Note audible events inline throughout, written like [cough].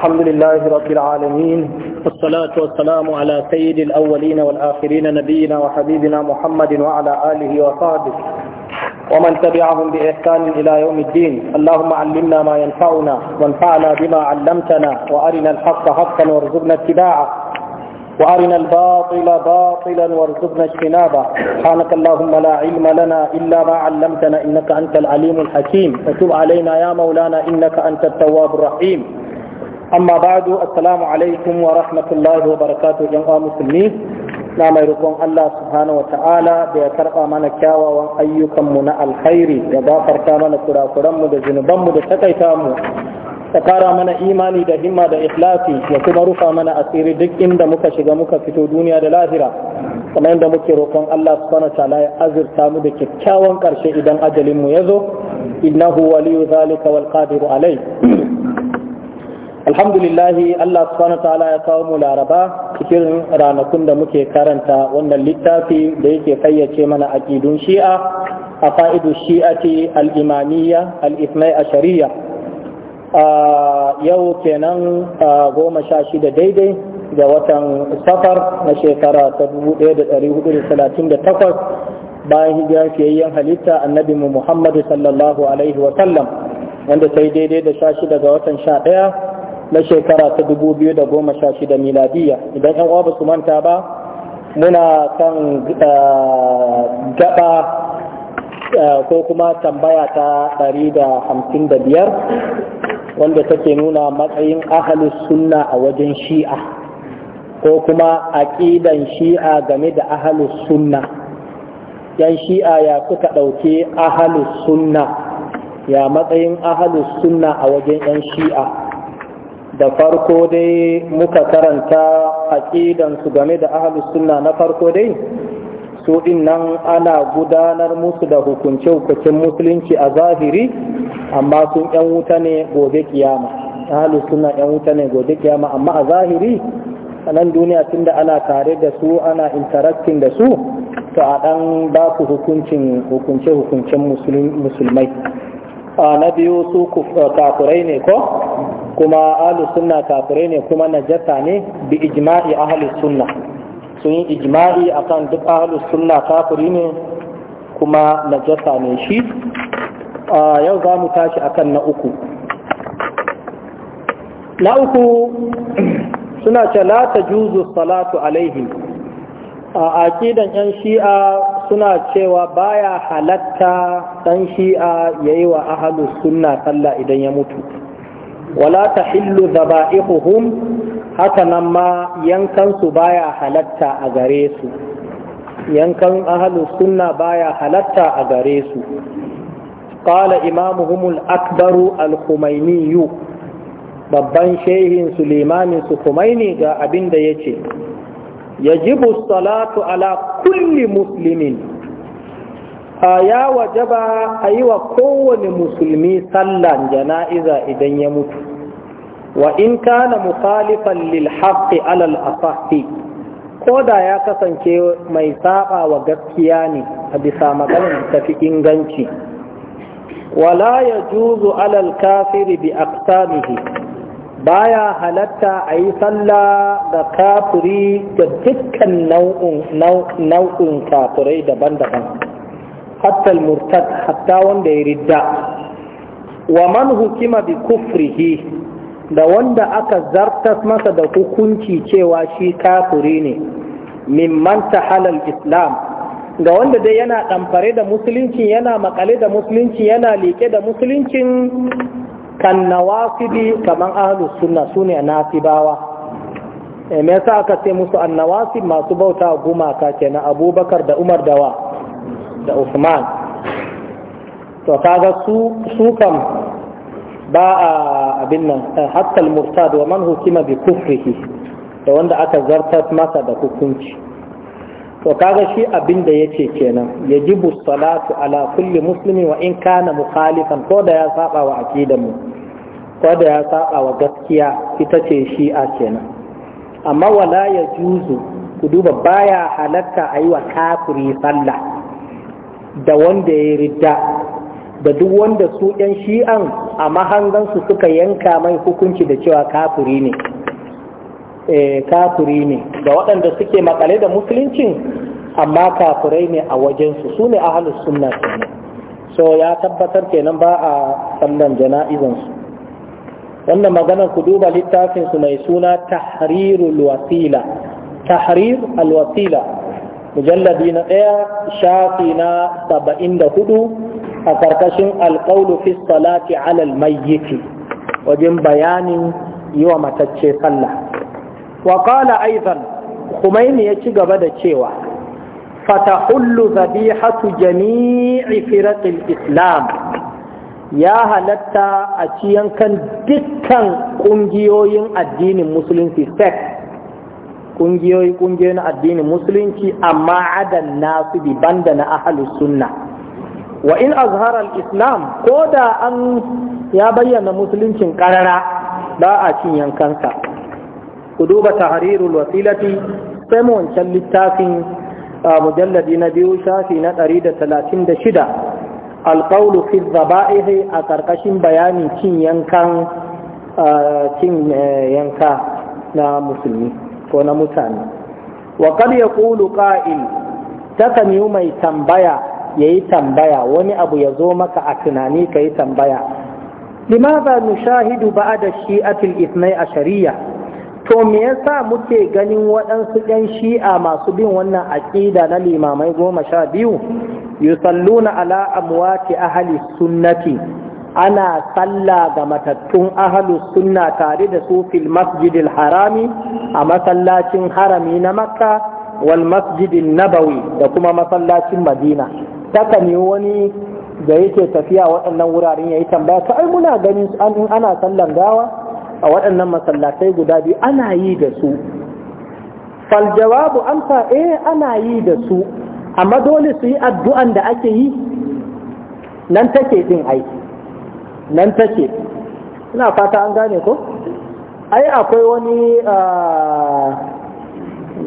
الحمد لله رب العالمين والصلاة والسلام على سيد الأولين والآخرين نبينا وحبيبنا محمد وعلى آله وصحبه ومن تبعهم بإحسان إلى يوم الدين اللهم علمنا ما ينفعنا وانفعنا بما علمتنا وأرنا الحق حقا وارزقنا اتباعه وارنا الباطل باطلا وارزقنا اجتنابه سبحانك اللهم لا علم لنا الا ما علمتنا انك انت العليم الحكيم فتب علينا يا مولانا انك انت التواب الرحيم amma bado assalamu alaikum wa rahmatullahi wa barakatu yan uwa musulmi na mai rukun Allah subhanahu wa ta'ala da ya karba mana kyawawan ayyukanmu na alkhairi ya gafarta mana kurakuranmu da zunubanmu da takaita mu ta kara mana imani da himma da ikhlasi ya kuma rufa mana asiri duk inda muka shiga muka fito duniya da lahira kamar yadda muke roƙon Allah subhanahu wa ta'ala ya azurta mu da kyakkyawan karshe idan ajalin mu ya zo innahu waliyu zalika wal qadiru alai alhamdulillahi Allah subhanahu wa ta'ala ya kawo mu laraba cikin ranakun da muke karanta wannan littafi da yake fayyace mana aqidun shi'a a fa'idu shi'ati al-imamiyya al-ithnai ashariya yau kenan goma sha shida daidai da watan safar na shekara ta 1438 bayan hijira fiyayyen halitta annabi mu Muhammadu sallallahu alaihi wa sallam wanda sai daidai da sha shida ga watan sha ɗaya na shekara ta 2016 miladiya idan yan uwa ba su manta ba muna kan eh, gaba eh, ko kuma tambaya ta ɗari da da hamsin biyar wanda take nuna matsayin ahalus sunna a wajen shi'a ko kuma aƙidan shi'a game da ahalus sunna yan shi'a ya suka ɗauke ahalus sunna ya matsayin ahalus sunna a wajen yan shi'a da farko dai muka karanta aƙidansu game da ahalus sunna na farko dai su nan ana gudanar musu da hukunce-hukuncin musulunci a zahiri amma sun yan wuta ne gobe kiyama ahalus sunna yan wuta ne gobe kiyama amma a zahiri a nan duniya tun da ana tare da su ana interacting da su to a ɗan ba ku hukuncin hukunce-hukuncin musulmai na biyu su kafurai ne ko kuma ahlus sunna kafirai ne kuma najasa ne bi ijma'i ahlus sunna sun yi ijma'i akan duk ahlus sunna kafiri ne kuma najasa ne shi yau za mu tashi akan na uku na uku [clears throat] suna ce la ta juzu salatu alaihi a aƙidan 'yan shi'a suna cewa baya halatta ɗan shi'a yayi wa ahlu sunna sallah idan ya mutu wala tahillu dhaba'ihuhum haka nan ma yankansu baya halatta a gare su yankan ahlus sunna baya halatta a gare su qala imamuhum akbaru al-khumaini babban shehin su su kumaini ga ya ce. Ya yajibu salatu ala kulli musulmin. A ya ba a yi wa kowane musulmi sallan jana'iza idan ya mutu wa in kana mukhalifan lil haqqi alal asahi ko da ya kasance mai saba wa gaskiya ne a bisa maganar tafi inganci wala ya juzu alal kafiri bi aqsamihi baya halatta a yi sallah da kafiri da dukkan nau'in kafirai daban-daban hatta murtad hatta wanda ya ridda wa man hukima bi kufrihi da wanda aka zartas masa da hukunci cewa shi kafiri ne mimman halal islam ga wanda dai yana ɗamfare da musulunci yana makale da musulunci yana liƙe da musuluncin kan nawasibi kaman ahlus sunna sune nasibawa me yasa aka ce musu annawasi masu bauta gumaka kenan abubakar da umar dawa da Usman to kaga su su kam ba a abin nan eh, hatta murtad wa man hukima bi kufrihi da wanda aka zartar masa da hukunci to kaga shi abin da yace kenan yajibu salatu ala kulli muslimin wa in kana mukhalifan ko da ya saba wa aqidan mu ko da ya saba wa gaskiya ita ce shi'a kenan amma wala ya juzu ku duba baya halatta a yi wa kafiri sallah da wanda ya ridda da duk wanda su ɗan shi'an a mahangansu suka yanka mai hukunci da cewa kafiri ne eh, kafiri ne da waɗanda suke makale da musuluncin amma kafurai ne a wajensu su ne ahalus sunna kenan so ya tabbatar kenan ba a sallan jana'izansu wannan maganar ku duba littafinsu mai suna tahrirul wasila tahrir alwasila mujalladi na ɗaya shafi na saba'in da hudu a karkashin alƙaunu fi salati alal mayyiti wajen bayanin yi wa matacce sallah wa qala aizan Khumaini ya ci gaba da cewa fatahullu zabihatu jami'i firaqil islam ya halatta a ciyan kan dukkan ƙungiyoyin addinin musulunci Sek. kungiyoyi kungiyoyi na addinin musulunci amma adan nasu bi banda na ahlus sunna wa in islam ko da an ya bayyana musuluncin karara ba a cin yankansa ku duba tahrirul wasilati sai mu wancan littafin mujalladi na biyu shafi na 136 alqawlu fi dhaba'ihi a karkashin bayanin cin yankan cin eh, yanka na musulmi ko na mutane wa ya yaqulu qa'il takan yi mai tambaya yayi tambaya wani abu ya zo maka a tunani kayi tambaya limadha nushahidu ba'da shi'atil a shari'a. to me yasa muke ganin waɗansu ɗan shi'a masu bin wannan aƙida na limamai goma sha biyu yusalluna ala amwati ahli sunnati ana sallah ga matattun ahalu sunna tare da su fil masjidil harami a masallacin harami na makka wal masjidin nabawi da kuma masallacin madina taka ne wani da yake tafiya waɗannan wuraren ya yi tambaya ta, muna ganin ana sallan gawa a waɗannan masallatai guda biyu ana yi da su fal jawabu amsa eh ana yi da su amma dole su yi addu'an da ake yi nan take din aiki nan take ina fata an gane ko ai akwai wani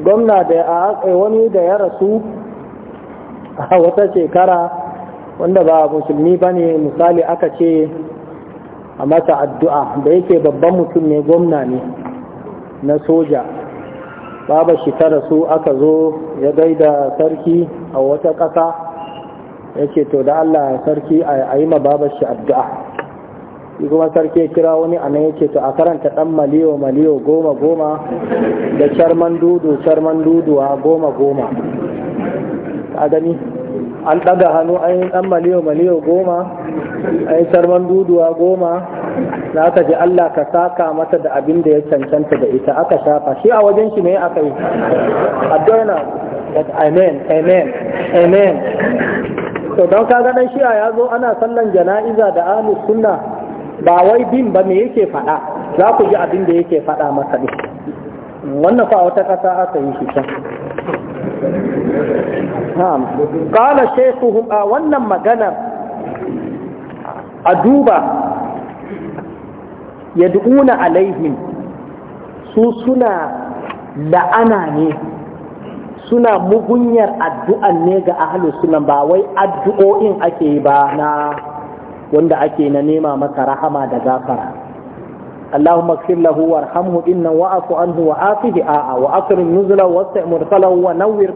gwamna da wani da ya rasu a wata shekara wanda ba musulmi ba ne misali aka ce a mata addu'a da yake babban mutum ne gwamna ne na soja baba shi ta rasu aka zo ya gaida sarki a wata ƙasa ya ce to da allah sarki a yi ma babashi addu'a kuma sarki ya kira wani a nan yake to a karanta dan maliyo maliyo goma goma da sharman dudu sharman duduwa goma goma a gani an ɗaga hannu an yi ɗan maliyo maliyo goma an yi sharman duduwa goma na aka ji Allah ka saka mata da abin da ya cancanta da ita aka shafa shi a wajen shi ne aka yi that amen amen amen to don kaga dan shi'a ya zo ana sallan jana'iza da ahlus sunna ba wai bin ba me yake faɗa za ku ji abin da yake faɗa masa ne. wannan fa wata ƙasa aka yi shi can ƙala shekuhu a wannan maganar a duba ya du'una alaihim su suna la'ana ne suna mugunyar addu'an ne ga ahalus sunan ba wai addu'o'in ake yi ba na wanda ake na nema maka rahama da gafara Allahumma ighfir lahu wa afihi a'a wa akrim nuzlahu wasi' mursalahu wa nawwir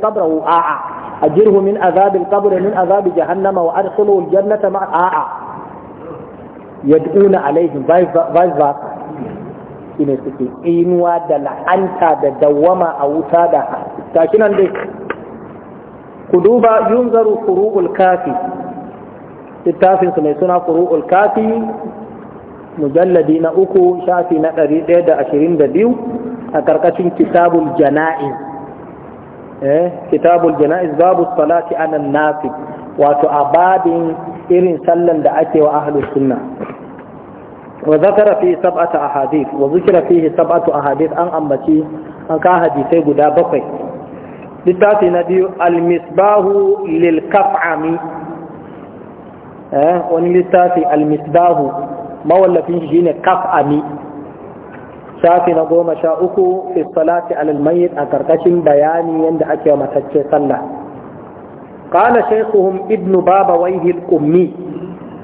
da la'anta da dawama a wuta da ta kafi littafin su mai suna furu'ul kafi mujalladi na uku shafi na ɗari ɗaya da ashirin da biyu a ƙarƙashin kitabul jana'iz eh kitabul jana'iz babu salati anan nafi wato a babin irin sallan da ake wa ahlus sunna wa zakara fi sab'ata ahadith wa zikra fihi sab'atu ahadith an ambaci an ka hadisai guda bakwai littafi na biyu al-misbahu lil kaf'ami wani littafi almisbahu mawallafin shi shine kaf ami shafi na goma sha uku fi salati alal mayyit a karkashin bayani yadda ake matacce sallah qala shaykhuhum ibn baba waihi al-ummi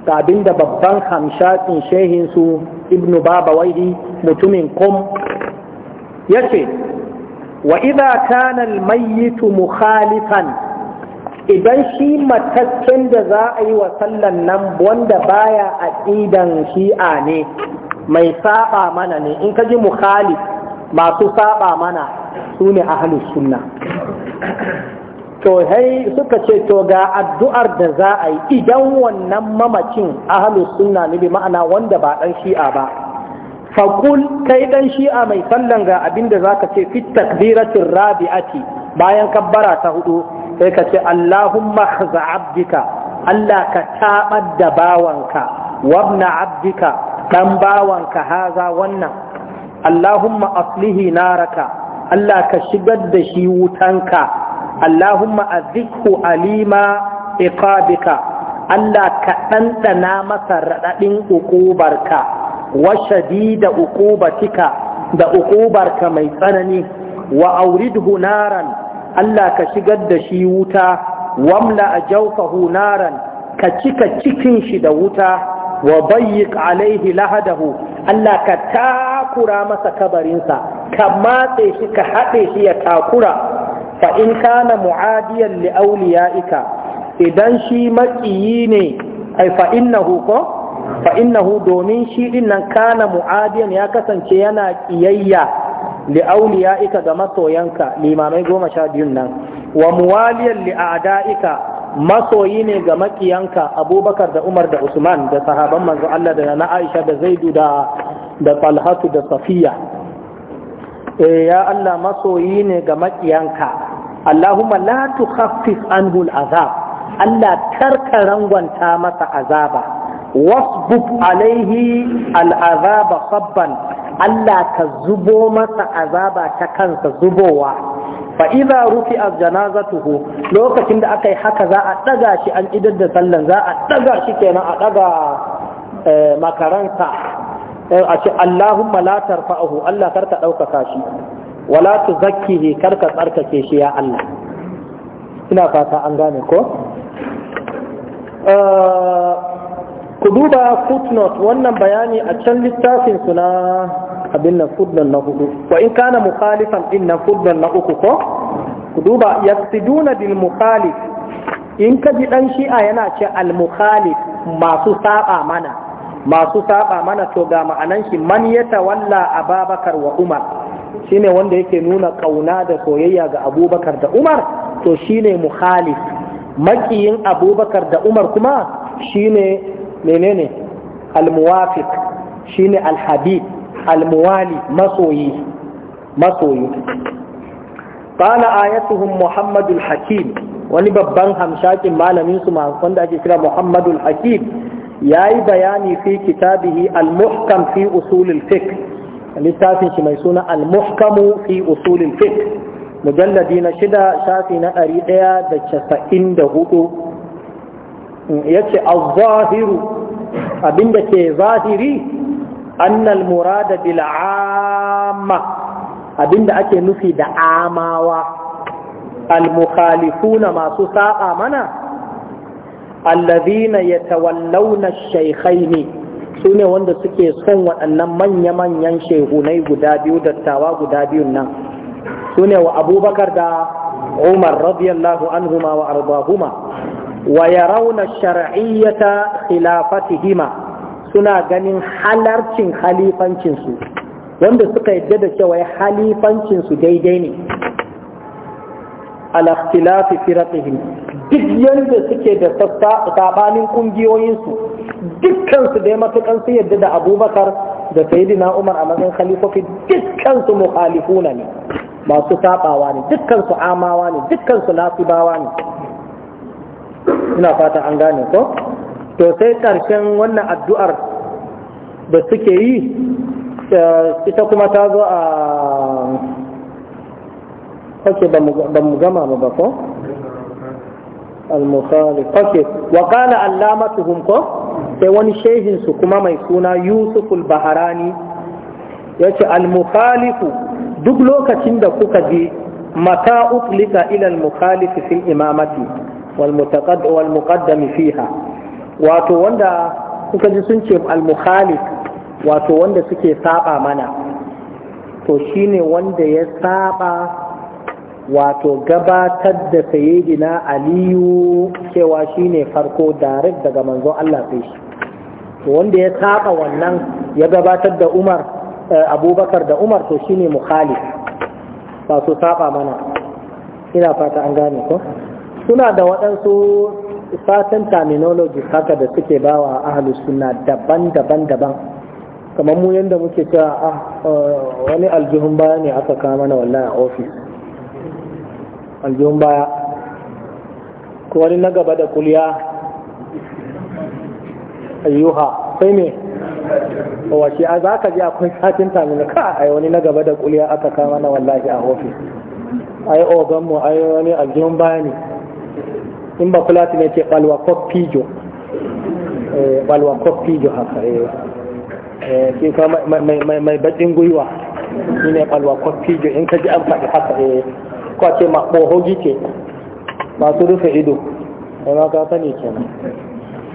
ta abinda babban hamshakin shehin su ibn baba waihi mutumin kum yace wa idha kana al-mayyit mukhalifan idan shi matakken da za a yi wa sallan nan wanda baya aqidan shi'a ne mai saba mana ne in ka ji mukhali masu saba mana su ne a sunna to hai suka ce to ga addu'ar da za a yi idan wannan mamacin halin sunna ne bi ma'ana wanda ba ɗan shi'a ba faqul kai ɗan shi'a mai sallan ga abin da za ka ce fit takbiratir rabi'ati bayan kabbara ta hudu sai ka ce Allahumma khza abdika Allah ka tabar da bawanka wabna abdika dan bawanka haza wannan Allahumma aslihi naraka Allah ka shigar da shi wutanka Allahumma azikhu alima iqabika Allah ka ɗanɗana masa raɗaɗin uƙubarka wa shadida uƙubatika da uƙubarka mai tsanani wa auridhu naran Allah ka shigar da shi wuta wamla jaufahu naran ka cika cikin shi da wuta wa bayyiq alaihi lahadahu Allah ka takura masa kabarinsa ka matse shi ka haɗe shi ya takura fa in kana mu'adiyan li awliyaika idan shi maƙiyi ne ai fa innahu ko fa innahu domin shi din nan kana mu'adiyan ya kasance yana kiyayya li'auliya'ika ga masoyanka limamai goma sha biyun nan wa muwaliyan li'a'da'ika masoyi ne ga makiyanka abubakar da umar da usman da sahaban manzo Allah da na aisha da zaidu da da talhatu da safiya e ya Allah masoyi ne ga makiyanka Allahumma la tukhaffif anhu al'azab Allah karka rangwanta masa azaba wasbub alaihi al'azaba sabban Allah ka zubo masa azaba ta kansa zubowa fa idza rufi janazatuhu lokacin da aka yi haka za a daga shi an idar da sallan za a daga shi kenan a daga eh, makaranta eh, a ce Allahumma la tarfa'ahu Allah karka ɗaukaka shi wala tuzakkihi karka tsarkake shi ya Allah ina fata an gane ko eh, ku duba footnote wannan bayani a can littafin su na abin nan footnote na hudu wa in kana mukhalifan din na footnote na uku ko ku duba yaqsiduna bil mukhalif in ka ji dan shi'a yana ce al mukhalif masu saba mana masu saba mana to ga ma'anan shi man walla ababakar wa umar shine wanda yake nuna kauna da soyayya ga abubakar da umar to shine mukhalif makiyin abubakar da umar kuma shine menene almuwafiq shine alhabib almuwali masoyi masoyi qala ayatuhum muhammadul hakim wani babban hamshakin malamin su wanda ake kira muhammadul hakim yayi bayani fi kitabihi almuhkam fi usulil fiqh littafin shi mai suna almuhkamu fi usulil fiqh mujalladi na shida shafi na ɗari ɗaya da casa'in da huɗu. yace az-zahiru abinda ke zahiri annal murada bil abinda ake nufi da amawa al mukhalifuna masu saba mana alladhina yatawallawna ash-shaykhaini sune wanda suke son waɗannan manya-manyan shehunai guda biyu dattawa guda biyun nan sune wa abubakar da umar radiyallahu anhuma wa ardahuma wa yarawna shar'iyyata khilafatihima suna ganin halarcin halifancinsu, wanda suka yadda da cewa halifancin daidai ne ala firatihim duk yanda suke da sabanin kungiyoyin su dukkan su dai matukan su yadda da Abubakar da Sayyidina Umar a matsayin khalifofi dukkan su mukhalifuna ne masu sabawa ne dukkan su amawa ne dukkan su nasibawa ne ina fata an gane ko to sai ƙarshen wannan addu'ar da suke yi eh, ita kuma ta zo a kake ba mu gama mu ba ko al-mukhalif kake wa qala allamatuhum ko sai wani shehin su kuma mai suna yusuf al-baharani yace al-mukhalifu duk lokacin da kuka ji mata utlika ila al-mukhalif fil imamati wal muqaddam fiha wato wanda suka ji sun ce al mukhalif wato wanda suke saba mana to shine wanda ya saba wato gabatar da sayidina aliyu cewa shine farko direct daga manzo Allah sai shi to wanda ya saba wannan ya gabatar da Umar eh, Abubakar da Umar to shine mukhalif ba su saba mana ina fata an gane ko suna da waɗansu fatan terminology haka da suke bawa ahalus suna daban-daban daban kamar mu yadda muke cewa a ah, eh, wani aljihun baya ne aka kama mana wallahi a ofis aljihun baya ko wani na gaba da kuliya ayyuha sai ne washe a ah, za ka ji akwai satin terminology ka a wani na gaba da kuliya aka kama mana wallahi a ofis ai oganmu ai wani aljihun baya ne in ba kula ne ce balwa kofijo eh, balwa kofijo haka ke eh, eh, kuma mai baɗin gwiwa shi ne balwa kofijo in ka ji an faɗi haka ko ce ma ɓohogi ce masu rufe ido sai ma ka sani kenan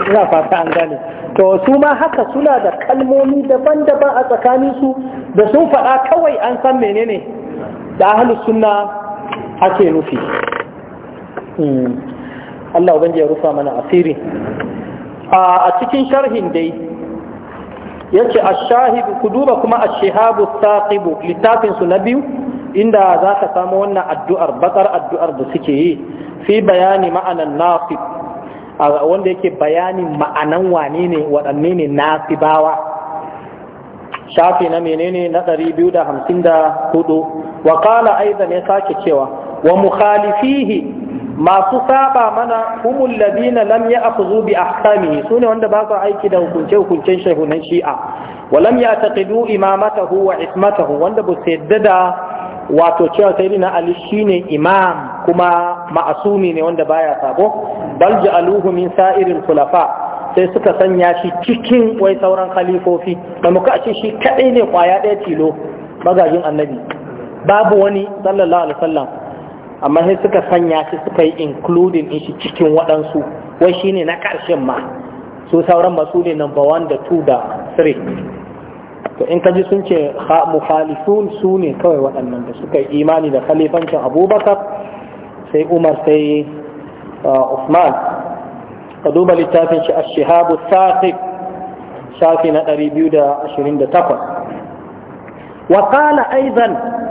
ina fata an gane to su ma haka suna da kalmomi daban-daban a tsakanin su da sun faɗa kawai an san menene da ahalus sunna ake nufi hmm. Allah ubangiji ya rufa mana asiri a cikin sharhin dai yace ash-shahidu ku duba kuma ash-shihabu saqibu littafin su na biyu inda za ka samu wannan addu'ar bakar addu'ar da suke yi fi bayani ma'anan nasib wanda yake bayanin ma'anan wane ne waɗanne ne nasibawa shafi na menene na 254 wa kala aiza ne sake cewa wa mukhalifihi masu saba mana humul ladina lam a bi ahkamihi sune wanda ba su aiki da hukunce hukuncen shehunan shi'a wa lam ya'taqidu imamatahu wa ismatahu wanda ba su da wato cewa sayyidina ali shine imam kuma ma'asumi ne wanda baya sabo bal ja'aluhu min sa'iril khulafa sai suka sanya shi cikin wai sauran khalifofi da muka ce shi kadai ne kwaya ɗaya tilo magajin annabi babu wani sallallahu alaihi wasallam amma sai suka sanya shi suka yi including in shi cikin waɗansu wai shi ne na ƙarshen ma su sauran su ne number one da two da three to in ka ji sun ce muhalifun su ne kawai waɗannan da suka yi imani da khalifancin abubakar sai umar sai uh, usman ka duba littafin shi a shahabu sati. shafi na 228 وقال ايضا aizan.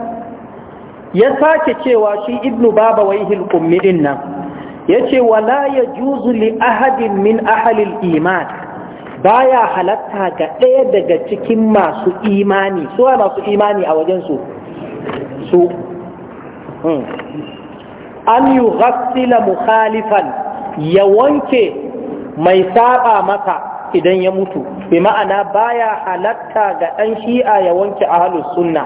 ya sake cewa shi ibnu baba waihil ummi din nan yace wala yajuzu li ahadin min ahlil iman baya halatta ga ɗaya daga cikin masu imani su masu imani a wajen su su hmm. an yughassila mukhalifan ya wanke mai saba maka idan ya mutu bi ma'ana baya halatta ga ɗan shi'a ya wanke ahlus sunna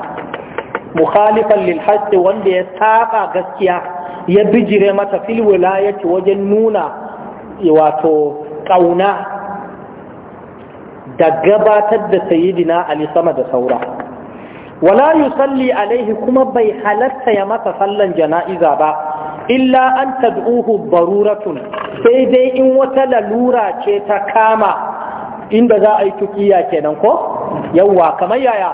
mukhalifan lil wanda ya saba gaskiya ya bijire mata fil wilayati wajen nuna wato kauna da gabatar da sayyidina ali sama da saura wala yusalli alaihi kuma bai halatta ya masa sallan jana'iza ba illa an tad'uhu baruratun sai dai in wata lalura ce ta kama inda za a yi tukiya kenan ko yawwa kamar yaya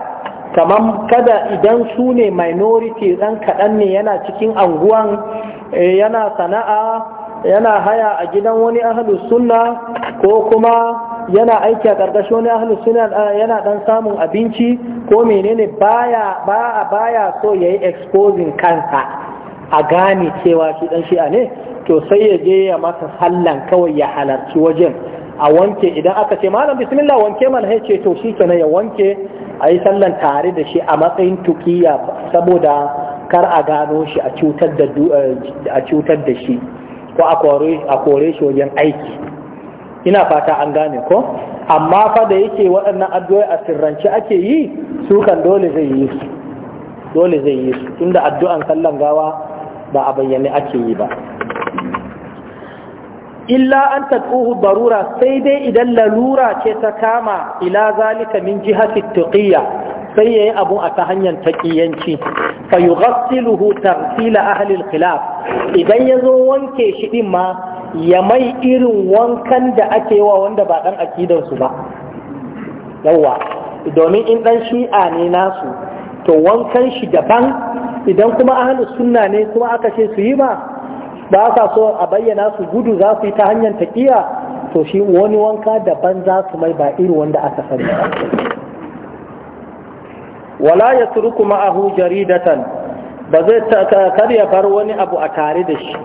kamar kada idan su ne minority ɗan kaɗan ne yana cikin anguwan eh, yana sana'a yana haya a gidan wani ahalus sunna ko kuma yana aiki a ƙarƙashin wani ahalus suna yana ɗan samun abinci ko menene baya baya baya so ya yi exposing kansa a gane cewa shi ɗan shi'a ne to sai ya je ya masa sallan kawai ya halarci wajen a wanke idan aka ce malam bismillah wanke mana ya ce to shi kenan ya wanke a yi sallan tare da shi a matsayin tukiya saboda kar a gano shi a cutar da eh, shi ko a kore shi wajen aiki ina fata an gane ko amma fa da yake waɗannan addu'o'i a sirrance ake yi su kan dole zai yi su dole zai yi su tunda addu'an sallan gawa ba a bayyane ake yi ba illa an tad'uhu barura sai dai idan lalura ce ta kama ila zalika min jiha tuqiyya sai yayi abu a ta hanyar taƙiyanci. fa yughassiluhu taghsila ahli al idan yazo wanke shi din ma ya mai irin wankan da ake wa wanda ba dan akidar su ba yawa domin in dan shi'a ne nasu to wankan shi daban idan kuma ahli sunna ne kuma aka ce su yi ba ba sa so a bayyana su gudu za su yi ta hanyar taƙiya to shi wani wanka daban za su mai ba iri wanda aka sani wala ya turku ma'ahu jaridatan ba zai karya bar wani abu a tare da shi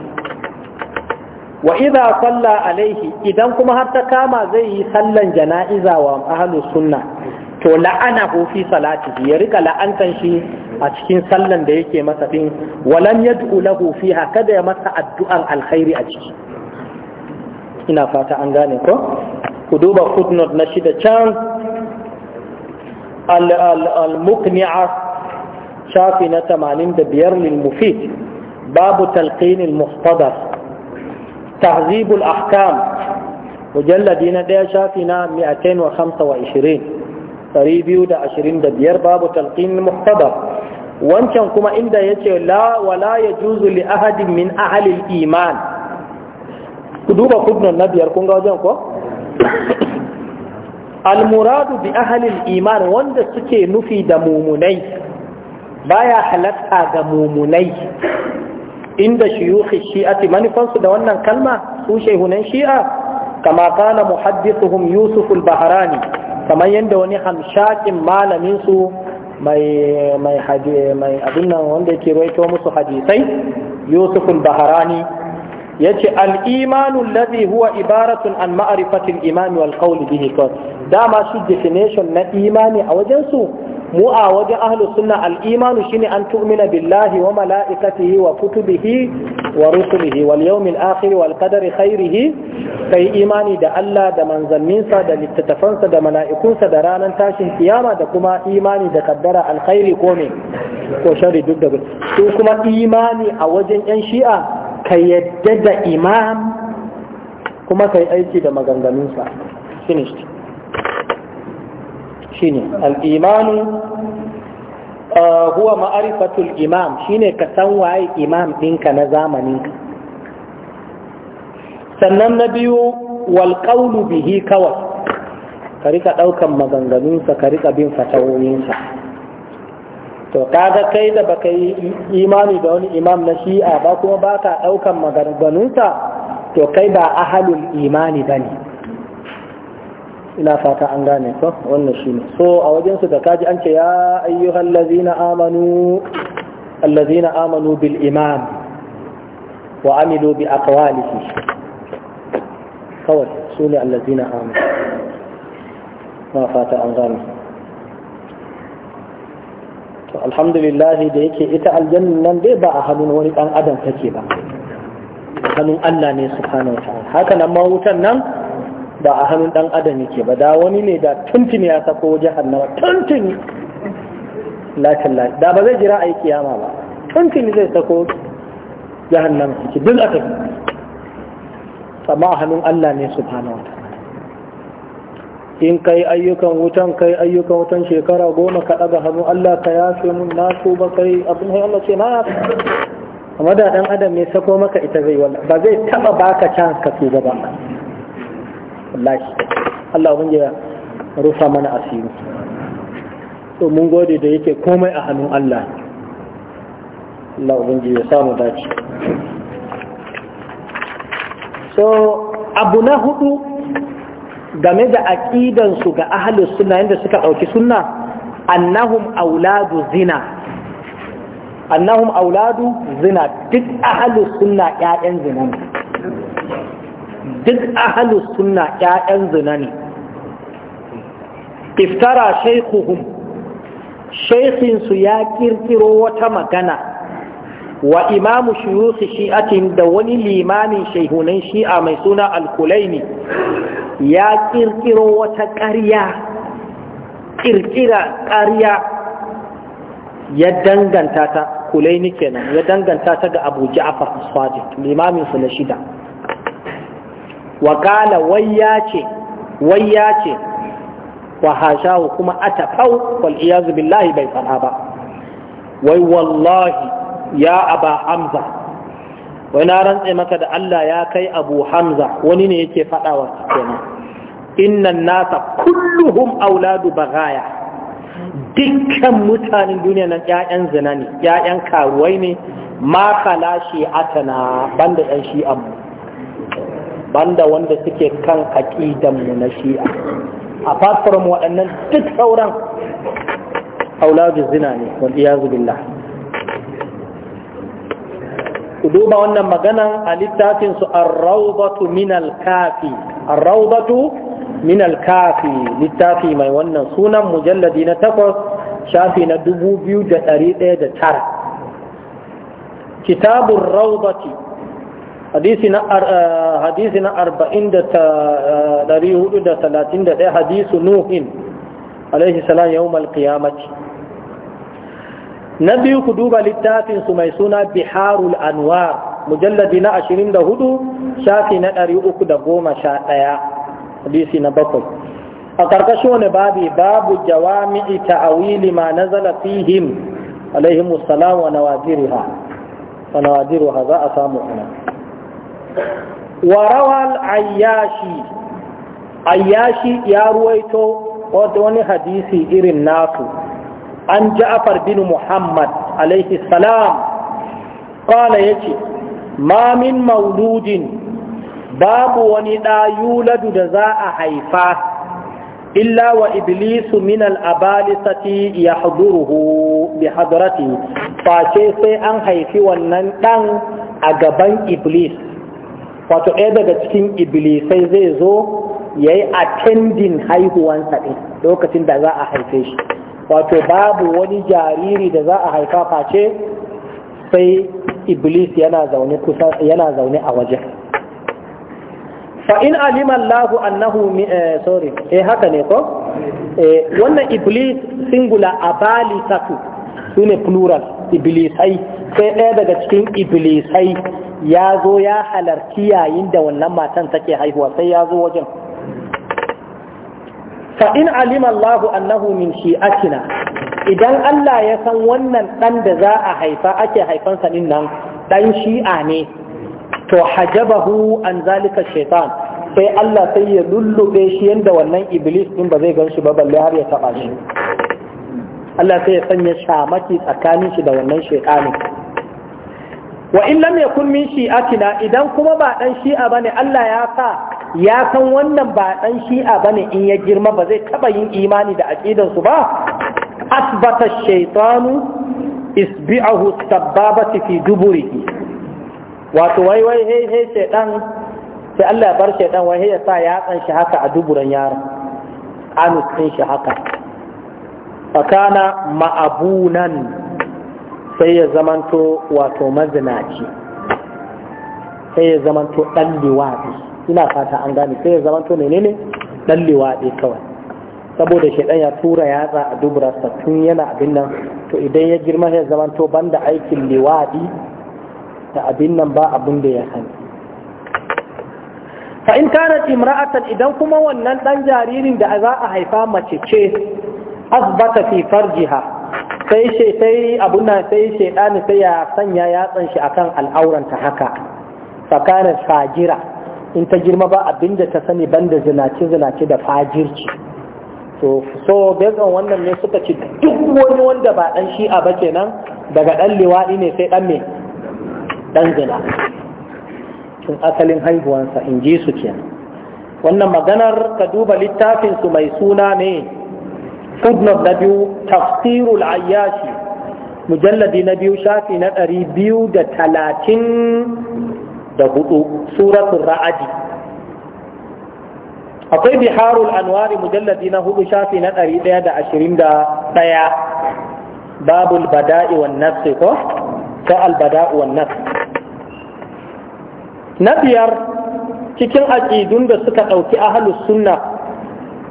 wa idza salla alaihi idan kuma har ta kama zai yi sallan jana'iza wa ahlus sunna to la'ana fi salatihi ya rika la'antan shi a cikin sallan da yake masa din walam yad'u lahu fiha kada ya masa addu'an alkhairi a ciki ina fata an gane ko ku duba footnote na shida can al-muqni'a shafi na 85 lil mufid babu talqin al-muhtadar tahzib al-ahkam mujalladi na daya shafi na 225 225 babu talqin muhtadar wancan kuma inda yace la wala yajuzu li ahadin min ahli iman ku duba kudnan na biyar kun ga wajen ko [coughs] almuradu bi ahli iman wanda suke nufi da mumunai baya halatta ga mumunai inda shiyukhi shi'ati manufansu da wannan kalma su shehunan shi'a kama kana muhaddithuhum yusuf al-bahrani kamar yadda wani hamshakin malamin su mai mai abin nan wanda yake rawaito musu hadisai Yusuf al-Baharani yace al-imanu alladhi huwa ibaratun an ma'rifati al-imam wal qawl bihi dama shi definition na imani a wajen su mu a wajen ahlus sunna al-imanu shine an tu'mina billahi wa mala'ikatihi wa kutubihi wa rusulihi wal yawmil akhir wal qadari khairihi kai imani da Allah da manzanninsa da littattafansa da mala'ikunsa da ranar tashin kiyama da kuma imani da kaddara alkhairi ko ne ko shari duk da su kuma imani a wajen yan shi'a ka yadda da imam kuma kai aiki da maganganunsa finished shine al-imanu uh, huwa ma'arifatul imam shine ka san waye imam ɗinka na zamaninka sannan na biyu wal qawlu bihi kawai ka rika ɗaukan maganganunsa ka rika bin fatawoyinsa to kaga kai da baka yi imani da wani imam na shi'a ba kuma baka ɗaukan maganganunsa to kai ba ahalul imani bane ina fata an gane ko wannan shi ne so a wajen su da kaji an ce ya ayyuhan lazina amanu allazina amanu bil imam wa amilu bi aqwalihi kawai su ne allazina amanu ina fata an gane to alhamdulillah da yake ita aljannan nan dai ba a hannun wani dan adam take ba hannun Allah ne subhanahu wa ta'ala haka nan ma wutan nan ba a hannun dan adam yake ba da wani ne da tuntun ya sako jahannama tuntuni lakin lakin da ba zai jira a yi kiyama ba tuntuni zai sako jahannama yake duk a tafi amma a hannun Allah ne subhanahu wata. in kai ayyukan wutan kai ayyukan wutan shekara goma ka ɗaga hannu Allah ka yafe mun na ba kai abin hai Allah ce na yafe amma da ɗan adam ne sako maka ita zai wala ba zai taɓa baka can ka tuba ba wallahi Allah ubangiji ya rufa mana asiri to mun gode da yake komai a hannun Allah Allah ubangiji ya samu dace so abu na hudu game da aƙidansu ga ahlus sunna yadda suka dauki sunna annahum auladu zina annahum auladu zina duk ahalus sunna ƴaƴan zina duk ahalu suna ƴaƴan zina ne iftara shaykhuhum shaikinsu ya ƙirƙiro wata magana wa imamu shuyusi shi'atin da wani limamin shaihunan shi'a mai suna alkulaini ya kirkiro wata ƙarya kirkira ƙarya ya danganta ta kulaini kenan ya danganta ta ga abu a as limamin su na shida wakala wayya ce wayya ce wa hashahu kuma atafau wal iyazu billahi bai fada ba wai wallahi ya aba hamza wai na rantse maka da Allah ya kai abu hamza wani ne yake fada wa kenan innan nasa kulluhum auladu bagaya dukkan mutanen duniya nan ƴaƴan zina ne ƴaƴan karuwai ne ma kala na, banda ƴan shi'an mu banda wanda suke kan aqidanmu na shi'a apart from waɗannan duk sauran auladu zina ne wal iyazu zubilla. ku duba wannan maganan a littafin su ar minal kafi kafi littafi mai wannan sunan mujalladi na takwas shafi na dubu biyu da ɗari ɗaya da tara kitabun raubati. حديثنا حديثنا 40 431 حديث نوح عليه السلام يوم القيامة نبي كدوب للتافن سميسونا بحار الأنوار مجلدنا 24 شافنا 311 حديثنا بقل a ƙarƙashin wani babi babu jawami'i ta'awili ma nazala fihim alaihim assalam wa nawadiruha wa nawadiruha za a samu ana warawal ayyashi ayyashi ya ruwaito wani hadisi irin nasu an ja'far bin muhammad alaihi salam kala ya ce ma min mauludin babu wani ɗa yuladu da za a haifa illa wa iblisu min al'abalisati ya haduruhu bi hadarati face sai an haifi wannan ɗan a gaban iblis wato ɗaya daga cikin iblisai zai zo ya yi attending haihuwansa ɗin lokacin da za a haife shi wato babu wani jariri da za a haifa face sai iblis yana zaune a waje fa in alima Allahu annahu eh, sorry eh haka ne ko eh, wannan iblis singular su sune plural iblisai sai ɗaya daga cikin iblisai ya zo ya halarci yayin da wannan matan take haihuwa sai ya zo wajen fa in annahu min shi'atina idan Allah ya san wannan ɗan da za a haifa ake haifansa sa nan ɗan shi'a ne to hajabahu an zalika shaitan sai Allah sai ya lullube shi yadda wannan iblis ɗin ba zai ganshi ba balle har ya taɓa shi Allah sai ya sanya shamaki tsakanin shi da wannan shaitani wa in lam yakun min shi'atina idan kuma ba dan shi'a bane Allah ya sa ya san wannan ba dan shi'a bane in ya girma ba zai taba yin imani da aqidan su ba asbata shaytanu isbi'ahu sababati fi duburihi wato wai wai hey hey shaytan sai Allah ya bar shaytan wai ya sa ya san shi haka a duburan yaron anus sun shi haka fakana ma'abunan sai ya zamanto wato mazinaci sai ya zamanto ɗan liwaɗi ina fata an gane sai ya zamanto ne ɗan liwaɗi kawai saboda shaidan ya tura yatsa a dubura tun yana abin nan to idan ya girma ya zamanto banda aikin liwaɗi da abin nan ba abin da ya sani fa in kana imra'atan idan kuma wannan dan jaririn da za a haifa mace ce asbata fi farjiha sai ce sai abun nan sai dani sai ya sanya yatsan shi akan al'auranta haka tsakanin fajira in ta girma ba abinda ta sani banda zinaci zinaci da fajirci to so bezan wannan ne suka ci duk wani wanda ba dan shi'a ba kenan daga dan lewa ne sai dan me dan zina tun asalin haihuwansa in ji su kenan wannan maganar ka duba littafin su mai suna ne footnote na biyu tafsirul ayyashi mujalladi na biyu shafi na ɗari biyu da talatin da hudu suratun ra'adi akwai biharul anwari mujalladi na hudu shafi na ɗari ɗaya da ashirin ɗaya babul na biyar cikin aƙidun da suka ɗauki ahalus sunna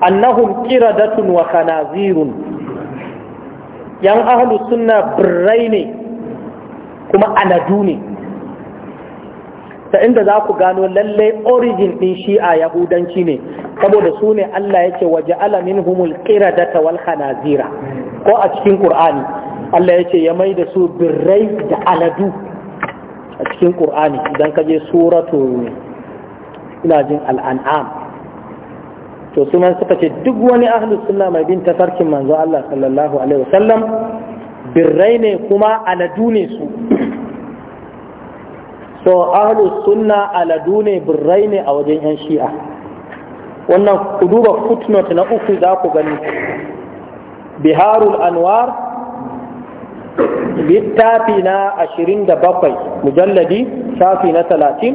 annahum qiradatun wa khanazirun yan ahlu sunna birrai ne kuma aladu ne ta inda za ku gano lalle origin din shi'a yahudanci ne saboda su ne Allah yake waje alamin humul qiradata wal khanazira ko a cikin qur'ani Allah yake ya mai da su birrai da aladu a cikin qur'ani idan ka je suratu ina jin al'an'am to suna suka ce duk wani ahlu sunna mai bin tafarkin manzo Allah sallallahu alaihi wasallam birrai ne kuma aladu ne su so ahlu sunna aladu ne birrai ne a wajen yan shi'a wannan ku duba footnote na uku za ku gani biharul anwar littafi na bakwai mujalladi shafi na talatin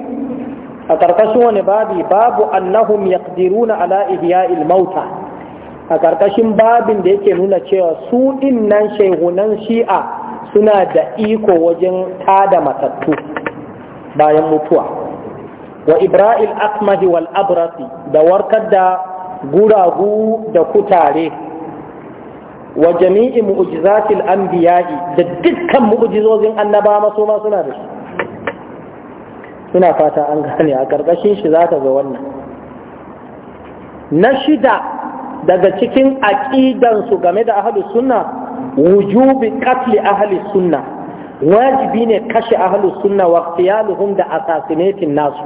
a ƙarƙashin wani babi babu annahum yaqdiruna ala ihya'il mauta a ƙarƙashin babin da yake nuna cewa su din nan shehunan shi'a suna da iko wajen tada matattu bayan mutuwa wa ibra'il akmahi wal abrasi da warkar da guragu da kutare wa jami'i mu'jizatil anbiya'i da dukkan mu'jizozin annabawa maso ma suna da shi ina fata an gane a ƙarƙashin shi za ka ga wannan na shida daga cikin aƙidansu game da ahalu sunna wujubi katli ahalu sunna wajibi ne kashe ahalu sunna wa qiyaluhum da assassinating nasu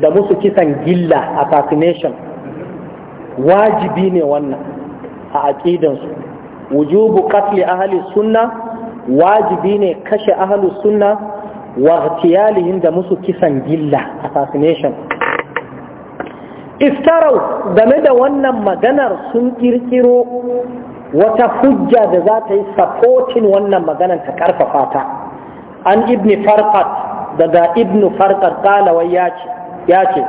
da musu kisan gilla assassination wajibi ne wannan a aƙidansu wujubu katli ahalu sunna wajibi ne kashe ahalu sunna واغتيالهم musu kisan كسن جلة assassination iftarau game da wannan maganar sun kirkiro wata hujja da za ta yi supporting wannan maganar ta karfafa ta an ibni farqat daga ibnu farqat kala ya ce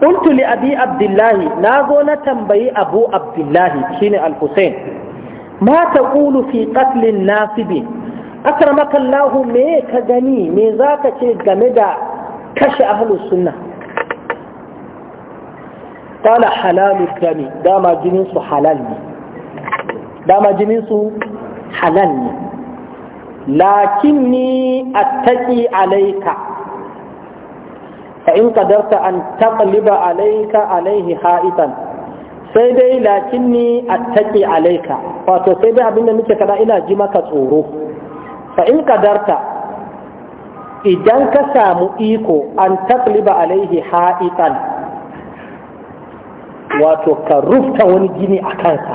qultu li abdullahi na zo na tambayi abu abdullahi shine al-husayn ma taqulu fi qatlin nasibi akramaka Allah me ka gani me za ka ce game da kashe ahlus sunna qala halalu dami dama jinin su halal ne dama jinin su halal ne lakinni attaqi alayka fa in qadarta an taqliba alayka alayhi ha'itan sai dai lakinni attaqi alayka wato sai dai abinda nake kada ina ji maka tsoro fa in kadarta idan ka samu iko an takliba alaihi ha'itan wato ka rufta wani gini a kansa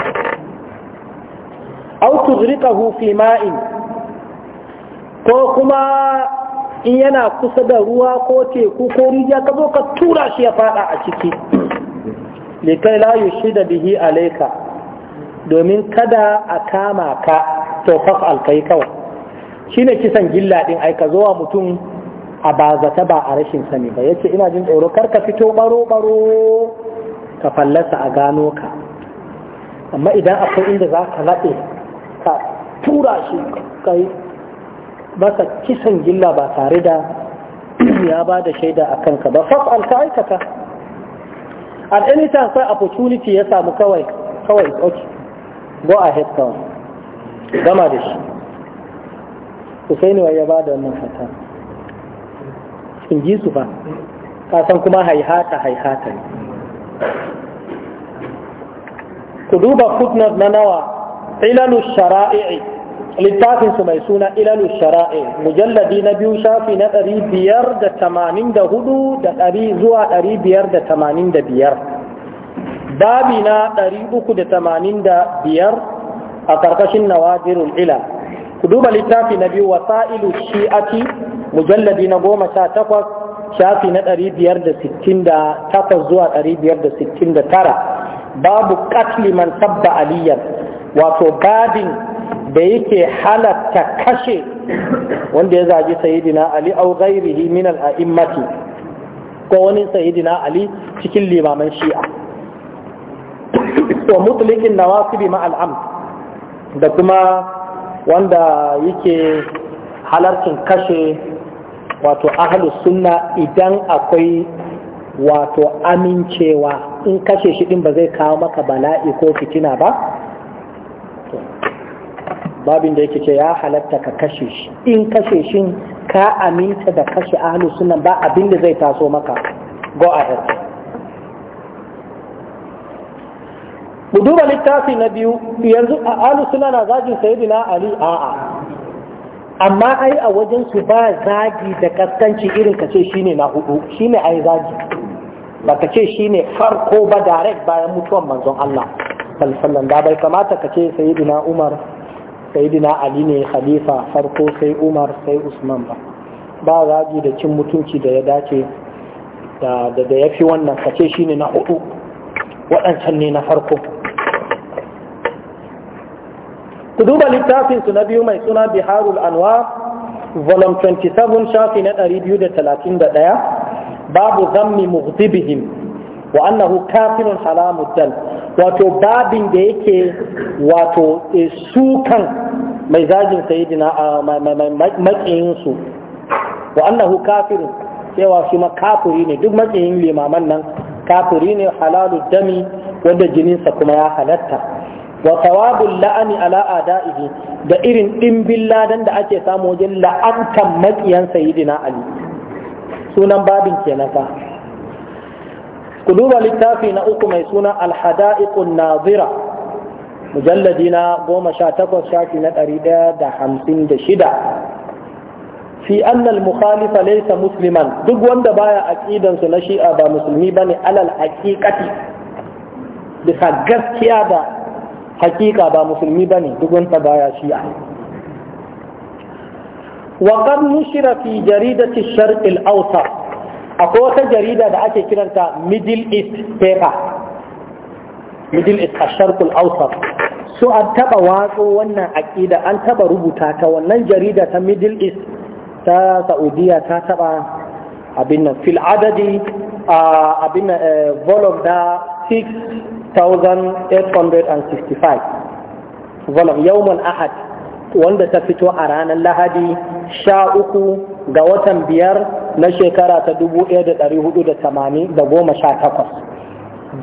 au tuzriqahu fi ma'in ko kuma in yana kusa da ruwa ko teku ko rijiya ka zo ka tura shi ya fada a ciki likai la yushida bihi alaika domin kada a kama ka to fa'al kai kawai shine kisan gilla din ai ka zowa mutum a bazata ba a rashin sani ba yace ina jin tsoro kar ka fito baro baro ka fallasa a gano ka amma idan akwai inda za ka laɗe ka tura shi kai baka kisan gilla ba tare da [clears throat] ya ba da shaida a kanka ba fasal ka aikata at any time sai opportunity ya samu kawai kawai okay go ahead kawai gama da shi Hussaini wa ya ba da wannan fata in ji su ba kasan kuma haihata haihata ne ku duba footnote na nawa ilalu shara'i littafin su mai suna ilalu shara'i mujalladi na biyu shafi na ɗari biyar da tamanin da hudu da ɗari zuwa ɗari biyar da tamanin da biyar babi na ɗari uku da tamanin da biyar a ƙarƙashin nawadirul ilal ku duba littafi na biyu wasa'ilu shi'ati mujalladi na goma sha takwas shafi na ɗari biyar da sittin da takwas zuwa ɗari biyar da sittin da tara babu katli man sabba aliyar, wato babin da yake halatta kashe wanda ya zaji sayidina ali au ghairihi min al'a'immati ko wani sayidina ali cikin limaman shi'a wa mutlikin nawasibi ma al'am da kuma wanda yake halarcin kashe wato ahalus sunna idan akwai wato amincewa in kashe shi din ba zai kawo maka bala'i ko fitina ba babin da yake ce ya halatta ka kashe shi in kashe shi ka aminta da kashe ahalus sunna ba abin da zai taso maka go ahead ku littafi na biyu yanzu a alu suna na zagin na ali a'a amma ai a wajen su ba zagi da kaskanci irin ka shi shine na hudu shine ai zagi ba ka ce shine farko ba direct bayan mutuwan manzon Allah sallallahu da bai kamata ka ce sayyidina Umar sayyidina Ali ne khalifa farko sai Umar sai Usman ba ba zagi da cin mutunci da ya dace da da yafi wannan ka kace shine na hudu waɗancan ne na farko ku duba littafin su na biyu mai suna biharul anwar volume 27 shafi na 231 babu zammi mughzibihim wa annahu kafirun halamuddan wato babin da yake wato e, sukan mai zagin sayidina a matsayinsu wa annahu kafirun cewa shi ma ne duk matsayin limaman nan kafiri ne halalu dami wanda jininsa kuma ya halatta wa tawabul la'ani ala adaihi da irin dimbin ladan da ake samu wajen la'antan makiyan sayyidina ali sunan babin kenan fa ku duba littafi na uku mai suna alhada'iqun nazira mujalladi na goma sha takwas shafi na ɗari ɗaya da hamsin da shida fi annal mukhalifa laysa musliman duk wanda baya aqidan su na shi'a ba musulmi bane alal haqiqati bisa gaskiya da hakika ba musulmi ba ne dugunta baya shi'a waƙar nushira fi jaridati sharqil ausa akwai wata jarida da ake kiranta middle east paper middle east a sharqil ausa su an taɓa watso wannan aƙida an taɓa rubuta ta wannan jarida ta middle east ta saudiya ta taɓa abin nan fil adadi abin eh, volume da 6865 volume yawmul ahad wanda ta fito a ranar lahadi sha uku ga watan biyar na shekara ta dubu da da goma sha takwas,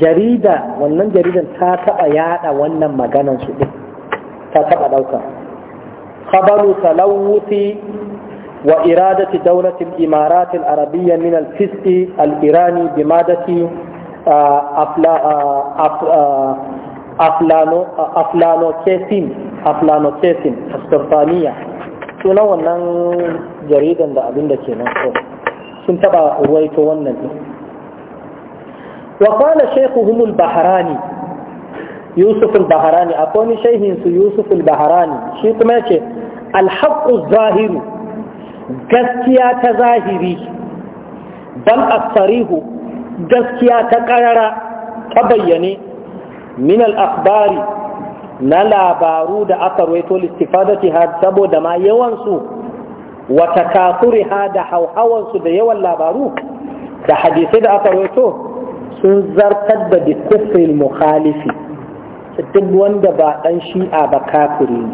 jarida wannan jaridan ta taɓa yada wannan maganan su ɗin ta taɓa ɗauka khabaru talawuti wa iradati daulatin imaratin arabiyya min al al-irani bi madati aflanocetin aflanocetin a stefania suna wannan jaridan da abin da ke nan so sun taba ruwaito wannan din wa kwana shekuhun al-baharani yusuf al-baharani a kwani shehin su yusuf al-baharani shi kuma ce alhaqu zahiru gaskiya ta zahiri dan aksarihu gaskiya ta karara ta bayyane min al na labaru da aka ruwaito listifadati ha saboda ma yawansu wata kafuri ha da hauhawansu da yawan labaru da hadisai da aka ruwaito sun zartar da bikufin mukhalifi duk wanda ba dan shi'a ba kafiri ne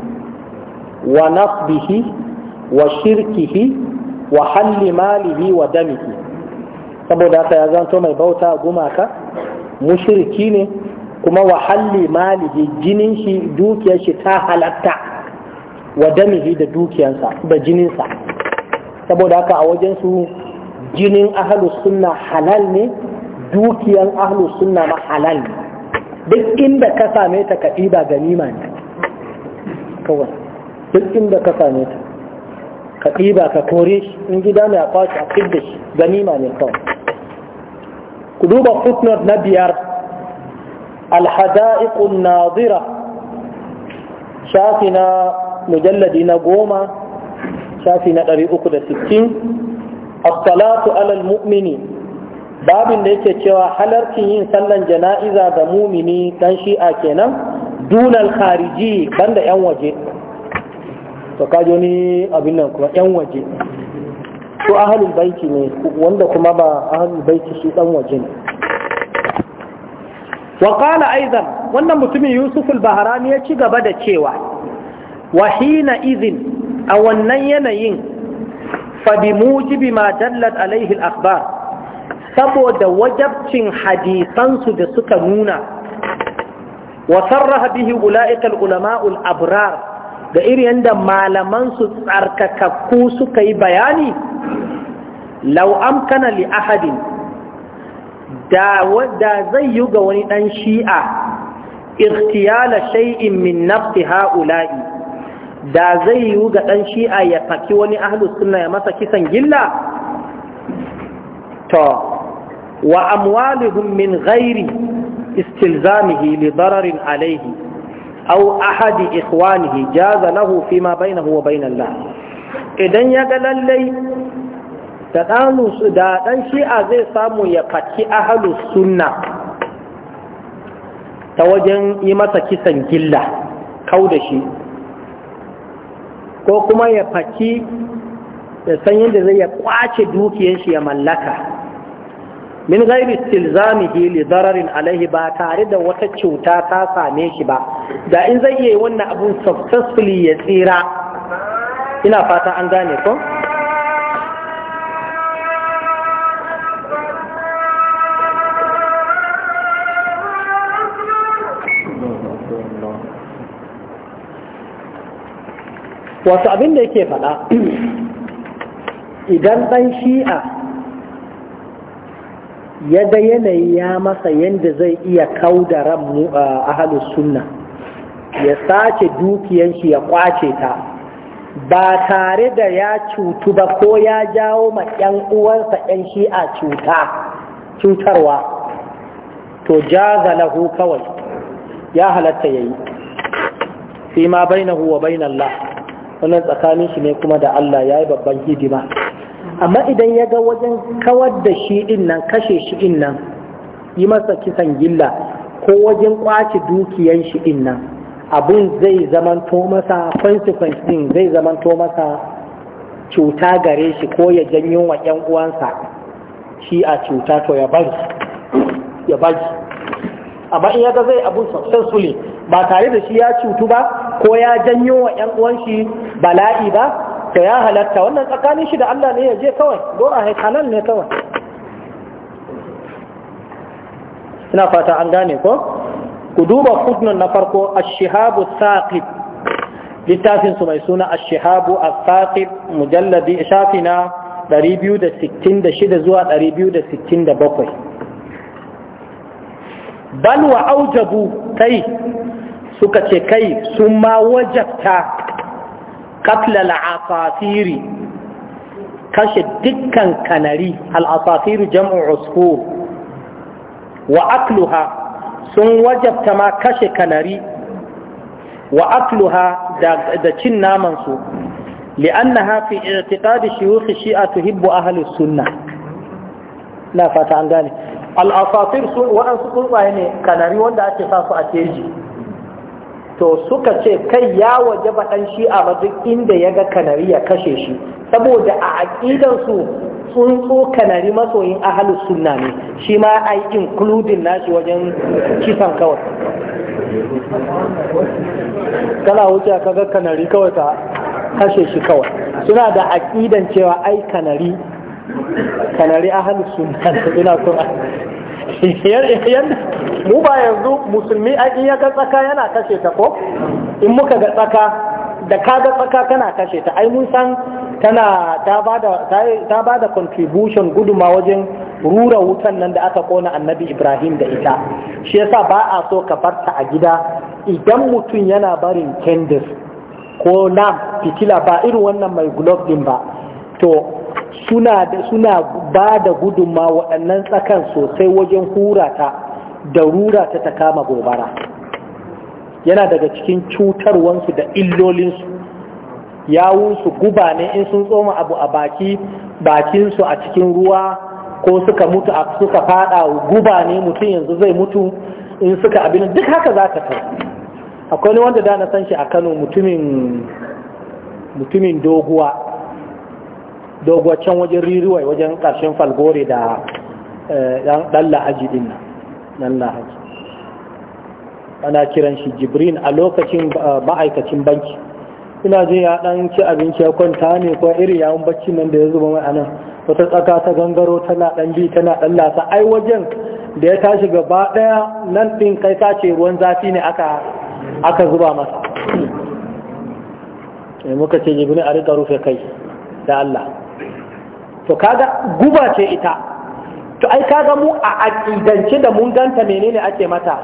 wa nafbihi, wa shirkihi wa halli malihi wa damihi saboda haka ya zanto mai bauta gumaka mushriki ne kuma wahalli malihi jinin shi dukiyar shi ta halatta wa damihi da dukiyarsa da jininsa saboda haka a wajen su jinin ahlus sunna halal ne dukiyan ahlus sunna ma halal ne duk inda ka same ta ka ɗiba ganima ne kawai duk inda ka same ta ka ɗiba ka kore shi in gida mai akwashi a fit da shi ganima ne kawai ku duba footnote na biyar alhada'iqun nazira shafi na mujalladi na goma shafi na ɗari uku da sittin as-salatu alal mu'mini babin da yake cewa halarcin yin sallan jana'iza ga mumini dan shi'a kenan dunal khariji banda yan waje to kaji wani abin nan kuma yan waje ne wanda kuma ba shi dan waje ne wa qala aidan wannan mutumin yusuf al ya ci gaba da cewa wa hina idhin a wannan yanayin fa bi mujibi ma dallat alaihi al-akhbar saboda wajabcin hadisansu da suka nuna wa sarraha bihi Ulama ulama'ul abrar da iri yadda su tsarkakakku suka yi bayani lau amkana li ahadin da zai yi ga wani ɗan shi'a ikhtiyala shay'in min nafsi ha'ula'i da zai yi ga ɗan shi'a ya faki wani ahlus sunna ya masa kisan gilla to wa amwalihum min ghairi istilzamihi li dararin alaihi aw ahadi ikhwanihi jaza lahu fima bainahu wa bain Allah idan ya ga lallai da ɗanunsu da ɗan shi'a zai samu ya faki ahlu sunna ta wajen yi masa kisan gilla kau da shi ko kuma ya faki da san yadda zai ya kwace dukiyar shi ya mallaka min ghairi tilzamihi li dararin alaihi ba tare da wata cuta ta same shi ba da in zai yi wannan abun successfully ya tsira ina fata an gane ko Wasu abin da yake faɗa [clears throat] idan ɗan shi'a ya ga yanayi ya masa yadda zai iya da ran ahalus sunna ya sace dukiyan shi ya kwace ta ba tare da ya cutu ba ko ya jawo ma 'yan uwansa 'yan shi'a cuta cutarwa to jaza lahu kawai ya halatta yayi fi ma bainahu wa bainallah wannan tsakanin shi ne kuma da Allah ya yi babban hidima amma idan ya ga wajen kawar da shi din nan kashe shi din nan yi masa kisan gilla ko wajen ƙwace dukiyan shi din nan abin zai zamanto masa consequence din zai zamanto masa cuta gare shi ko ya janyo wa 'yan uwansa shi a cuta to ya bari ya bari amma in ga zai abu successfully ba tare da shi ya cutu ba ko ya janyo wa 'yan uwan shi bala'i ba da ya halatta wannan tsakanin shi da Allah ne ya je kawai gora hai halal ne kawai ina fata an gane ko ku duba footnote na farko ash-shihabu saqib littafin su mai suna ash-shihabu as-saqib mujalladi shafi na 266 zuwa 267 bal wa aujabu kai suka ce kai sun ma wajabta katlal asafiri kashe dukkan kanari al'asafiru jam'u usfur wa akluha sun wajabta ma kashe kanari wa akluha da cin namansu li'annaha fi i'tiqadi shuyukh shi'a tuhibbu ahli sunna na fata an gane al'asafir waɗansu tsuntsaye ne kanari wanda ake sa su a keji to suka ce kai ya waje baɗan shi a matsayin inda ya ga kanari ya kashe shi saboda a aƙidansu tsuntsu kanari masoyin ahalus sunna ne shi ma a yi including nashi wajen kisan kawai kana wuce ka ga kanari kawai ta kashe shi kawai suna da aƙidan cewa ai kanari kanari ahalus sunna suna son mu ba yanzu musulmi in ya ga tsaka yana kashe ta ko in muka ga tsaka da ka ga tsaka kana kashe ta ai mun san tana ta ba da contribution guduma wajen rura wutan nan da aka kona annabi Ibrahim da ita shi yasa ba a so ka barta a gida idan mutum yana barin kendir ko na fitila ba irin wannan mai glove din ba to suna ba da gudunma waɗannan tsakan sosai wajen hurata da rurata ta kama gobara yana daga cikin cutarwansu da illolinsu yawunsu guba ne in sun tsoma abu a baki bakinsu a cikin ruwa ko suka mutu a suka fada guba ne mutum yanzu zai mutu in suka abin duk haka za ka tafi. akwai wanda da na san shi a kano mutumin doguwa dogwacen wajen ririwai wajen ƙarshen falgore da ɗan eh, lahaji ɗin nan lahaji ana kiran shi jibrin a lokacin eh, ma'aikacin banki ina jin ya ɗan ci abinci ya kwanta ne ko iri yawon bacci nan da ya zuba mai anan wata tsaka ta gangaro tana ɗan bi tana ɗan lasa ai wajen da ya tashi gaba ɗaya nan ɗin kai sace ruwan zafi ne aka zuba masa eh, muka ce jibrin a rika rufe kai da Allah to kaga guba ce ita to ai kaga mu a aƙidance da mun ganta menene ake mata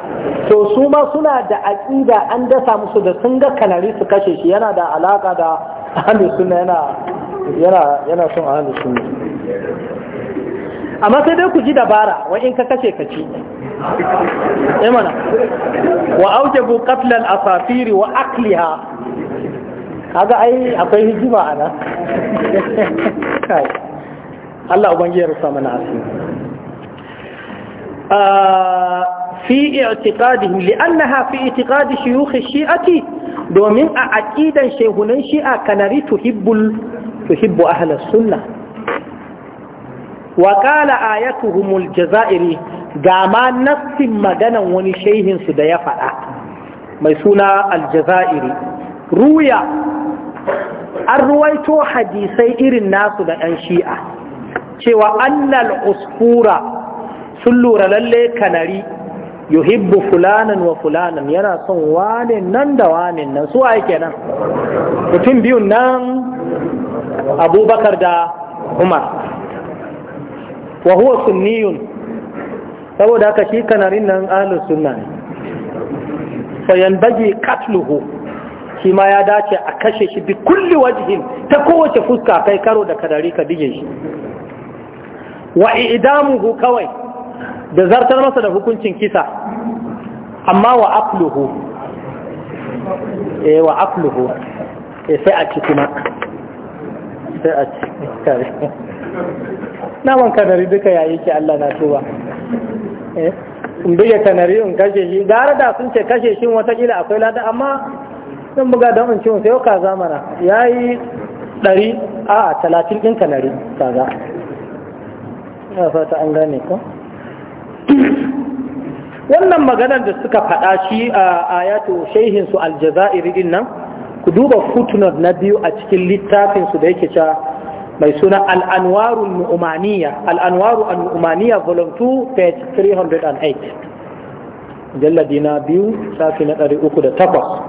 to su ma suna da aƙida an dasa musu da sun ga kanari su kashe shi yana da alaka da ahlus sunna yana yana yana son ahlus sunna amma sai dai ku ji dabara wa in ka kashe ka ci eh mana wa aujibu qatl al wa aqliha kaga ai akwai hijima ana [laughs] kai Allah Ubangiji ya rufa mana asiri. Ah, fi i'tiqadi li annaha fi domin a aqidan shehunan shi'a kanari tuhibbul tuhibbu ahla sunnah. Wa qala ayatuhumul jazairi gama nassin maganan wani shehin da ya faɗa mai suna aljazairi ruya an ruwaito hadisai irin nasu da ɗan shi'a cewa annal uskura sun lura lalle kanari yuhibbu fulanan wa fulanan yana son wane nan da wane nan su waye nan. mutum biyun nan abubakar da umar wa huwa sunniyun saboda haka shi kanarin nan ahlus sunna ne fa yanbaji katluhu shi ma ya dace a kashe shi bi kulli wajhin ta kowace fuska kai karo da kadari ka bige shi wa idamuhu kawai da zartar masa da hukuncin kisa amma wa afluhu, eh wa afluhu, eh sai a ci kuma sai a ci kare na ban kanari duka yayi ki Allah na tuba eh in buge kanari in kashe shi gara da sun ce kashe shi watakila akwai lada amma sun buga don in ciwon sai yau kaza mana ya yi ɗari a talatin ɗin kanari kaza na fata an gane ko wannan maganar da suka faɗa shi a ayatu shehin su aljazairi din nan ku duba footnote na biyu a cikin littafin su da yake cewa mai suna al'anwaru nu'umaniya al'anwarun al'umaniya page 308 jalladi na biyu safi na 308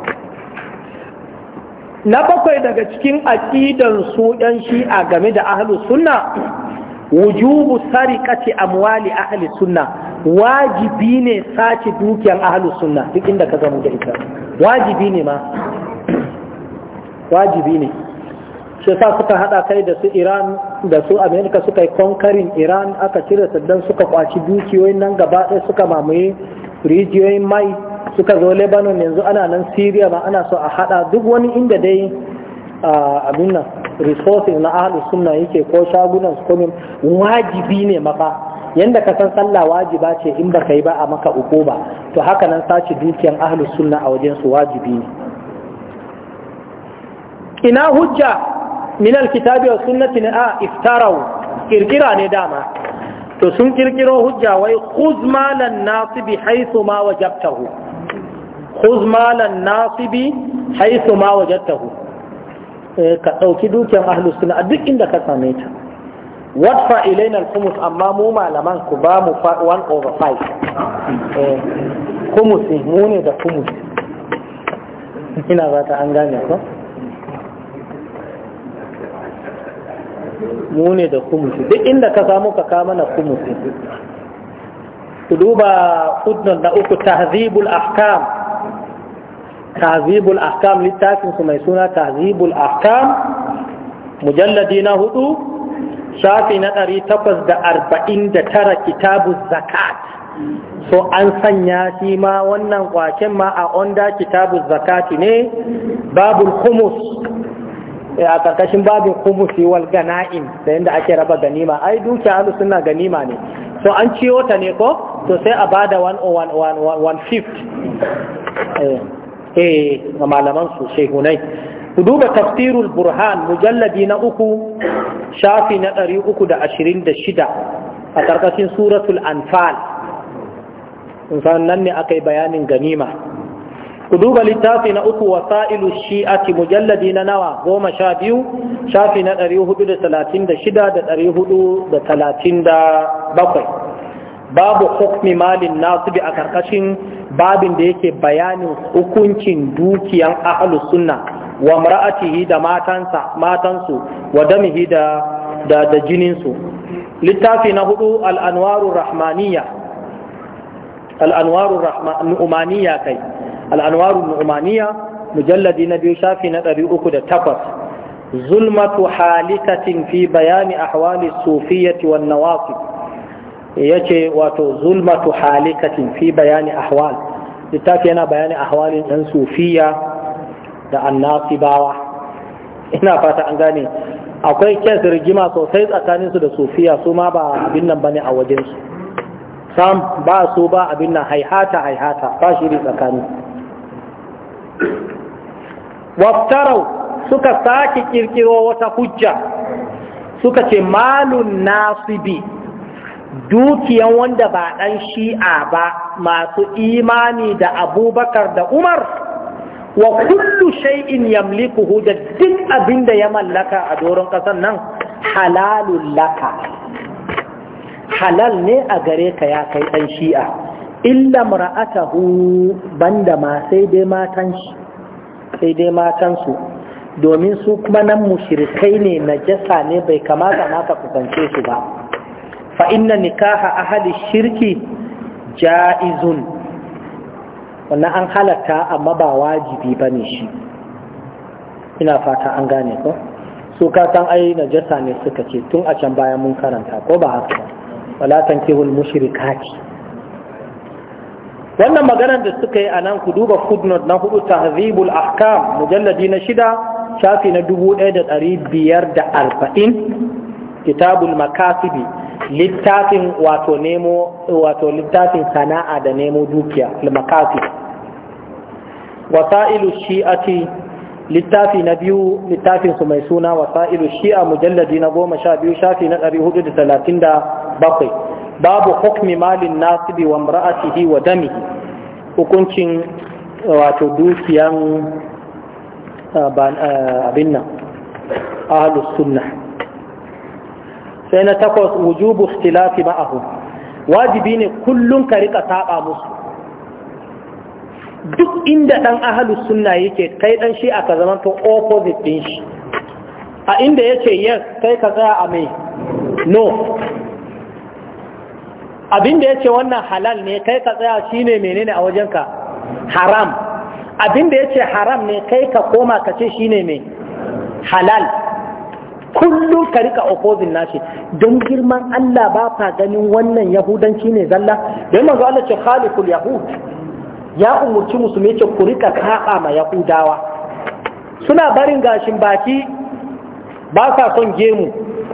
na bakwai daga cikin aƙidansu su ‘yan shi'a game da ahlus sunna wujubu sariqati amwali ahli sunna wajibi ne sace dukiyar ahli sunna duk inda ka gamu da wajibi ne ma wajibi ne shi suka hada kai da su Iran da su Amerika suka yi konkarin Iran aka cire saddan suka kwaci dukiyoyin nan gaba ɗaya suka mamaye rijiyoyin mai suka zo Lebanon yanzu ana nan Syria ma ana so a haɗa duk wani inda dai abin nan resources na ahalin sunna yake ko shagunan su wajibi ne maka yanda ka san sallah wajiba ce in baka yi ba a maka uku ba to haka nan sace dukiyan ahalin sunna a wajen su wajibi ne ina hujja min alkitabi wa sunnati na a iftarau kirkira ne dama to sun kirkiro hujja wai khuz malan nasibi haythu ma wajabtahu khuz malan nasibi haythu ma wajabtahu Eh, ka ɗauki dukiyar ahlus a duk inda ka same ta wadfa ilaina al-khumus amma mu malaman ku ba mu 1 over 5 eh, khumus mu ne da khumus ina ba ta an gane ko mu ne da khumus duk inda ka samu ka kama na khumus ku duba footnote na uku tahzibul ahkam tazibul ahkam littafin su mai suna tazibul ahkam mujalladi na hudu shafi na ɗari takwas da arba'in da tara kitabu zakat so an sanya shi ma wannan kwakin ma a onda kitabu zakati ne babul humus eh, a karkashin babin kumusi wal gana'in da yadda ake raba ganima ai dukiya alu suna ganima ne so an ciyo ta ne ko to sai a bada 101 150 eh malaman su shehunai ku duba tafsirul burhan mujalladi na uku shafi na ɗari uku da ashirin da shida a ƙarƙashin suratul anfal nan ne aka yi bayanin ganima ku duba littafi na uku wasa'ilu shi'ati mujalladi na nawa goma sha biyu shafi na ɗari hudu da talatin da shida da ɗari hudu da talatin da bakwai babu hukmi malin nasu bi a ƙarƙashin babin da yake bayanin hukuncin dukiyan ahlus sunna wa mar'atihi da matansa matansu wa damihi da da, da jininsu littafi na hudu al'anwarun rahmaniya al'anwarun nu'umaniya kai al'anwarun nu'umaniya mujalladi na biyu shafi na ɗari uku da takwas zulmatu halikatin fi bayani ahwali sufiyyati wan nawasib yace wato zulmatu halikatin fi bayani ahwal littafi yana bayani ahwalin ɗan sufiya da annasibawa ina fata an gane akwai kes rigima sosai tsakanin su da sufiya su ma ba abin nan bane a wajen su sam ba su ba abin nan haihata haihata ba shi shiri tsakani waftarau suka sake kirkiro wata hujja suka ce malun nasibi dukiyan wanda ba ɗan shi'a ba masu imani da abubakar da umar wa kullu shay'in yamlikuhu da duk abin da ya mallaka a doron ƙasar nan halalun laka halal ne a gare ka ya kai ɗan shi'a illa mura'atahu banda ma sai dai matan sai dai matan su domin su kuma nan mushrikai ne najasa ne bai kamata na ka kusance su ba Fa'inna inna nikaha ahli shirki ja'izun wannan an halatta amma ba wajibi ba ne shi ina fata an gane ko su ka san ai najasa ne suka ce tun a can bayan mun karanta ko ba haka wala tankihul mushrikati wannan maganar da suka yi a nan ku duba footnote na hudu tahzibul ahkam mujalladi na shida shafi na ɗaya da da ɗari biyar arba'in. kitabul makasibi littafin wato nemo wato littafin sana'a da nemo dukiya al-maqasid wasailu shi'ati littafi na biyu littafin su mai suna wasailu shi'a mujalladi na goma sha biyu shafi na ɗari hudu da talatin da bakwai babu hukmi malin nasibi wa mra'atihi wa dami hukuncin wato dukiyan abin nan ahlus sunnah sai na takwas wujubu ikhtilafi ma'ahu wajibi ne kullum ka rika saba musu duk inda dan ahlus sunna yake kai dan shi aka zama to opposite din shi a inda yace yes kai ka tsaya a mai no abinda yace wannan halal ne kai ka tsaya shine menene a wajenka haram abinda yace haram ne kai ka koma ka ce shine mai halal kullum ka rika opposing nashi don girman Allah ba fa ganin wannan yahudanci ne zalla don manzo Allah ce khaliqul yahud ya umurci musulmi ce ku rika saba ma yahudawa suna barin gashin baki ba sa son gemu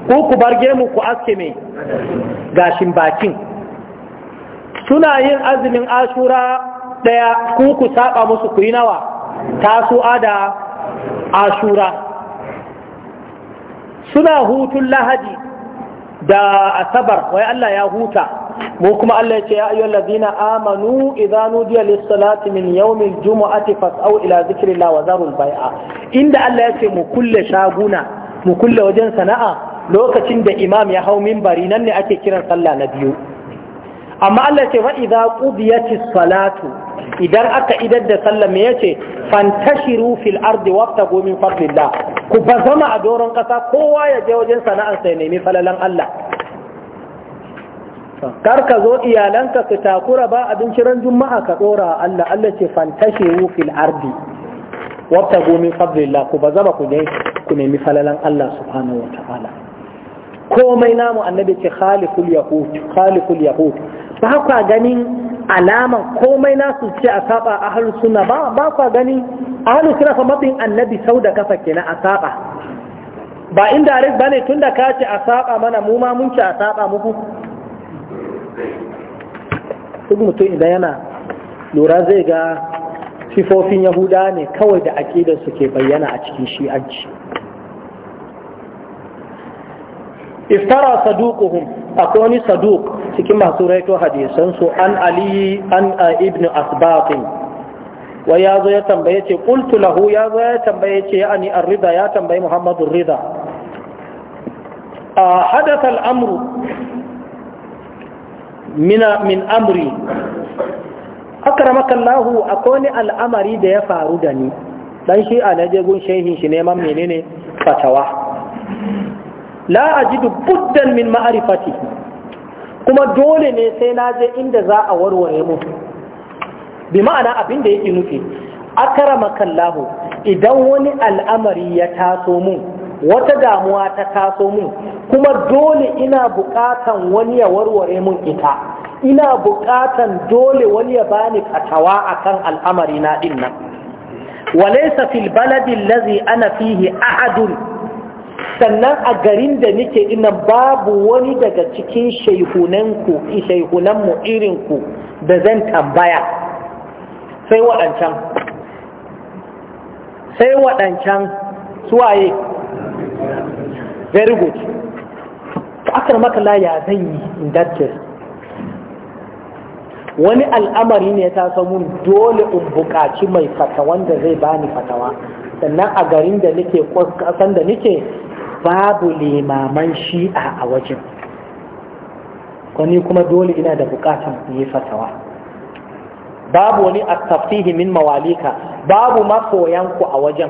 ko ku bar gemu ku aske mai gashin bakin suna yin azumin ashura daya ku ku saba musu ku yi nawa tasu'a da ashura suna hutun lahadi da asabar wai Allah ya huta mu kuma Allah ya ce ya ayyuhal ladina amanu idza nudiya lis salati min yawmil jumu'ati fas'au ila zikrillah wa zarul bai'a inda Allah ya ce mu kulle shaguna mu kulle wajen sana'a lokacin da imam ya hau minbari nan ne ake kiran sallah na biyu amma Allah ya ce fa idza qudiyatis salatu idan aka idar da sallah me yace fantashiru fil ardi wabtagu gomin fadlillah ku ba zama a doron kasa kowa ya je wajen sana'ar sai nemi falalan Allah kar ka zo iyalanka su takura ba abinci ran juma'a ka dora Allah Allah ce fantashiru fil ardi wabtagu gomin fadlillah ku bazama ku ne ku nemi falalan Allah subhanahu wataala komai namu annabi ce khaliful yahud khaliful yahud ba ka ganin alaman komai nasu ce a saba a sunna ba ba kwa gani halin suna fa matsayin annabi sau da kafa ke a saba ba ba ne tun da ka ce a saba mana mu ma mun ce a muku duk mutum idan yana lura zai ga sifofin yahuda ne kawai da aƙidar su ke bayyana a cikin shi'anci iftara saduquhum akwai wani saduq cikin masu raito hadisan su an ali an ibnu asbatin wa ya zo ya tambaye ce qultu lahu ya zo ya tambaye ce ya ani ar-rida ya tambaye muhammadu rida a hadatha al'amru amru mina min amri akramaka Allah a wani al'amari da ya faru da ni dan shi a naje gun shehin shi neman menene fatawa la ajidu buddan min ma'arifati kuma dole ne sai na je inda za a warware mu bi ma'ana abin da yake nufi akarama kallahu idan wani al'amari ya taso mun wata damuwa ta taso mun kuma dole ina bukatan wani ya warware mun ita ina bukatan dole wani ya bani katawa akan al'amari na dinnan walaysa fil baladi allazi ana fihi ahadun sannan a garin da nike, ina babu wani daga cikin shaihunanku shaihunanmu irinku da zan tambaya sai waɗancan sai waɗancan suwaye very good akar makala ya zan yi in that case wani al'amari ne ta mun dole in buƙaci mai fata wanda zai bani fatawa sannan a garin da nike ƙasan da nike. babu limaman shi'a a wajen wani kuma dole ina da bukatan yi fatawa babu wani attafihi min mawalika babu mafoyanku a wajen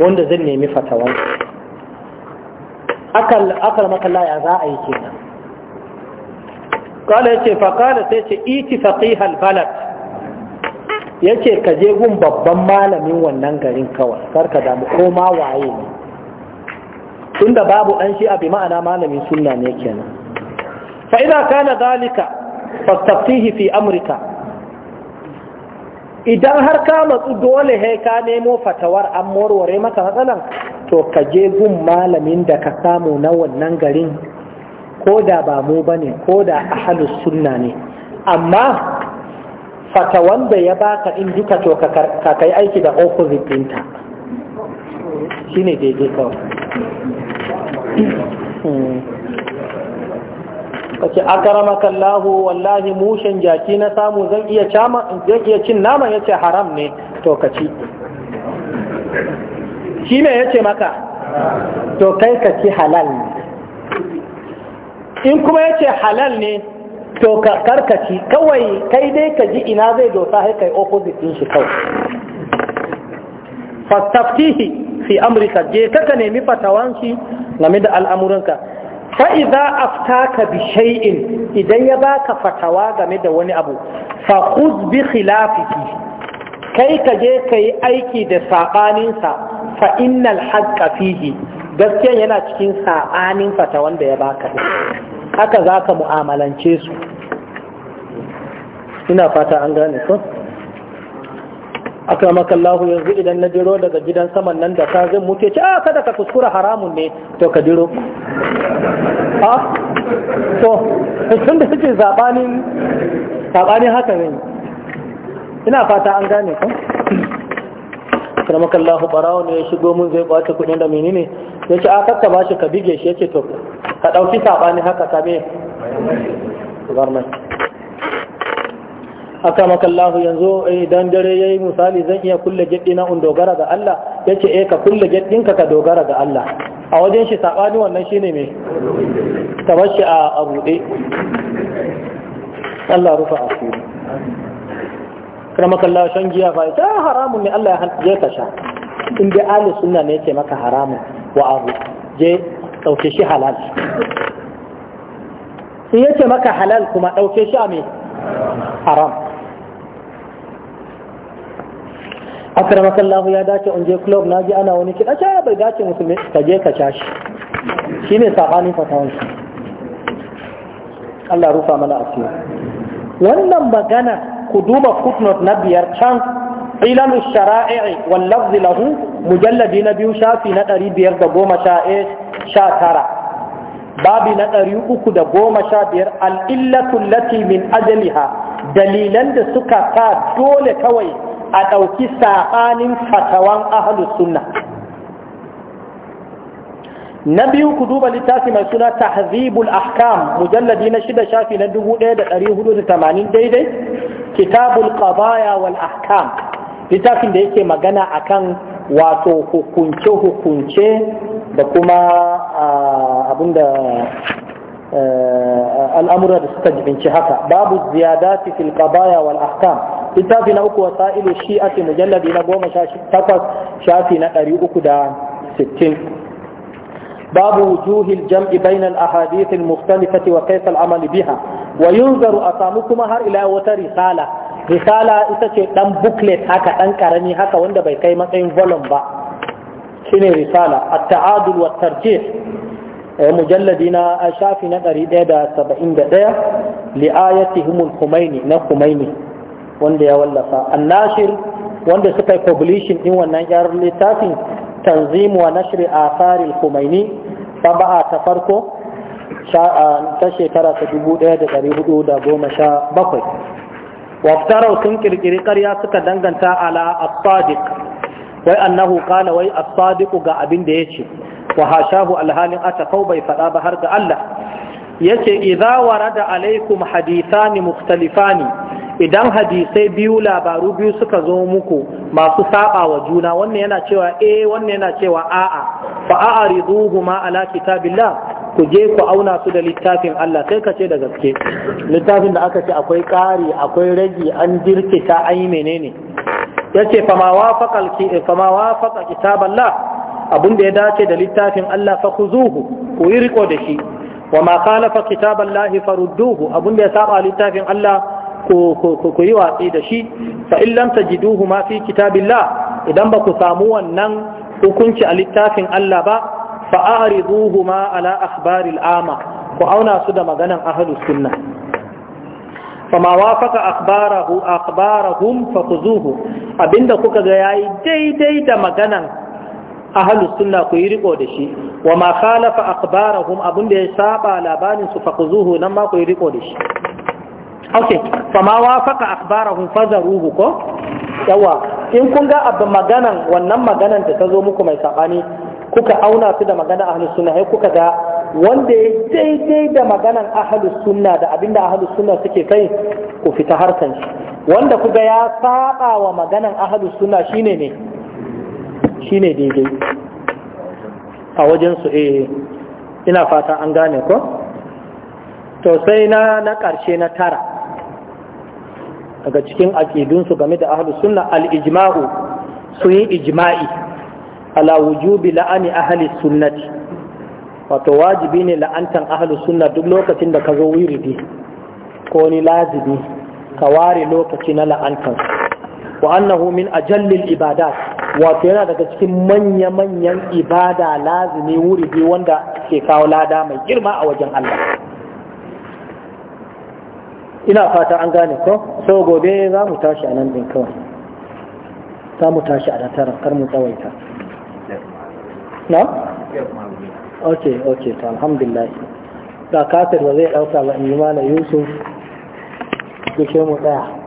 wanda zan nemi fatawan akal makalla ya za a yi kenan kala yace fakala sai ce iti faqihal balad yace ka je gun babban malamin wannan garin kawai karka damu ko ma waye ne tunda babu an shi abi ma'ana malamin sunna ne kenan fa idza kana zalika fastaftihi fi amrika idan har ka matsu dole he ka nemo fatawar an warware maka matsalan to ka je gun malamin da ka samu na wannan garin ko da ba mu bane ko da ahlus sunna ne amma fatawan da ya baka in duka to ka kai aiki da opposite ɗinta shine daidai kawai Hmm. kace akramaka Allah wallahi mushen jaki na samu zan iya cama zan iya cin nama yace haram ne to ka ci shi me yace maka to kai ka ci halal ne in kuma yace halal ne to ka karkaci kawai kai dai ka ji ina zai dosa sai kai opposite din shi kawai fastaftihi fi amrika je ka nemi fatawan shi game da al'amuranka fa'iza aftaka bi shay'in idan ya baka fatawa game da wani abu fa khuz bi khilafiki kai ka je ka yi aiki da saɓaninsa fa'innan haƙƙa fihi gaskiya yana cikin saɓanin fatawan da ya baka haka za ka mu'amalance su ina fata an gane ko akramaka Allah yanzu idan na jiro daga gidan saman nan da ka zan muke ci a kada ka kuskura haramun ne to ka jiro a ah, to sun da suke zabanin sabani haka ne ina fata an gane ko akramaka Allah barawo ne ya shigo mun zai kwace kudin da menene yace a ah, kakka bashi ka bige shi yace to ka dauki sabani haka ka me aka Allah yanzu eh, idan dare yayi misali zan iya kulle jaddi na dogara ga Allah yace eh ka kulle jaddin ka ka dogara ga Allah a wajen shi sabani wannan shine me tabashi a abude Allah rufa asiri Allah shan giya fa ta haramun ne Allah ya je ka sha in dai ahli sunna ne yake maka haramun wa abu je dauke shi halal sai yace maka halal kuma dauke shi a me حرام أكرمك الله يا داش أنجي كلوب ناجي أنا وني كده أشياء بيداش مسلم تجيه كشاش شيني سعاني فتان الله رفع ملا أسمع وانما بغانا كدوبة فتنة نبي يرشان علم الشرائع واللفظ له مجلد نبي شافي نتري بيرد بوما شائش شاكرا شا babi na ɗari uku da goma sha biyar al'illatul lati min ajaliha dalilan da suka sa dole kawai a ɗauki saɓanin fatawan ahalus sunna na biyu ku duba littafi mai suna tahzibul ahkam mujalladi na shida shafi na dubu ɗaya da ɗari hudu da tamanin daidai kitabul qabaya wal ahkam littafin da yake magana akan wato hukunce-hukunce da kuma abinda e, al'amura da suka jibinci haka babu Ziyada fil qadaya wal ahkam littafi na uku wasailu shi'ati mujalladi na goma sha takwas shafi na ɗari uku da sittin باب وجوه الجمع بين الأحاديث المختلفة وكيف العمل بها kuma har هر wata risala. risala ita ce ɗan booklet haka ɗan ƙarami haka wanda bai kai matsayin volume ba shine risala at-ta'adul wa tarjih eh, mujalladi na shafi na 171 li'ayati al kumaini na kumaini wanda ya wallafa an-nashir wanda suka yi publishing din wannan yar littafin tanzim wa nashri athar al-Khumaini saba'a ta farko ta shekara ta bakwai. waftarau sun kirkiri ƙarya suka danganta ala as-sadiq wai annahu qala wai as ga abin da yace wa hashahu alhalin atakau bai faɗa ba har ga Allah yace idza warada alaikum hadithani mukhtalifani idan hadisai biyu labaru biyu suka zo muku masu saba wa juna wannan yana cewa A, eh, wannan yana cewa a'a fa a'riduhuma ala kitabillah ku je ku auna su da littafin Allah sai ka ce da gaske littafin da aka ce akwai ƙari akwai ragi an jirkita an yi menene yace fa ma ki fa ma wafaqa kitaballah abun da ya dace da littafin Allah fa khuzuhu ku yi riko da shi wa ma khalafa kitaballahi farudduhu abun da ya saba littafin Allah ku yi watsi da shi fa in lam tajiduhu ma fi kitabillah idan ba ku samu wannan hukunci a littafin Allah ba fa a'riduhu ma ala akhbaril ama ku auna su da maganan ahlus sunna fama wafaka akhbarahu akhbarahum fakhuzuhu abinda kuka ga yayi daidai da maganan ahlus sunna ku yi riko da shi wa ma khalafa akhbarahum abinda ya saba labarin su fakhuzuhu nan ma ku yi riko da shi ok fama wafaka akhbarahum fazaruhu ko yawa in kun ga abin maganan wannan maganan da ta zo muku mai saɓani kuka auna su da magana ahlus sunna sai kuka ga wanda ya daidai da maganan ahlus sunna da abinda ahlus sunna suke kai ku fita harkan shi wanda kuga ya saɓa wa maganan ahlus sunna shine ne shine daidai a wajen eh ina fata an gane ko to sai na na ƙarshe na tara daga cikin aƙidunsu game da ahlus sunna al-ijma'u sun yi ijma'i ala wujubi la'ani ahli sunnati wato wajibi ne la'antan ahlus sunna duk lokacin da ka zo wiridi ko ni lazimi ka ware lokaci na la'antan wa annahu min ajallil ibadat wato yana daga cikin manya-manyan ibada lazimi wuridi wanda ke kawo lada mai girma a wajen Allah ina fata an gane ko so gobe za mu tashi a nan din kawai za mu tashi a da tara kar mu tsawaita na? ok ok ta alhamdulillah da kafir ba zai ɗauka ba in yi mana yusuf ke mu tsaya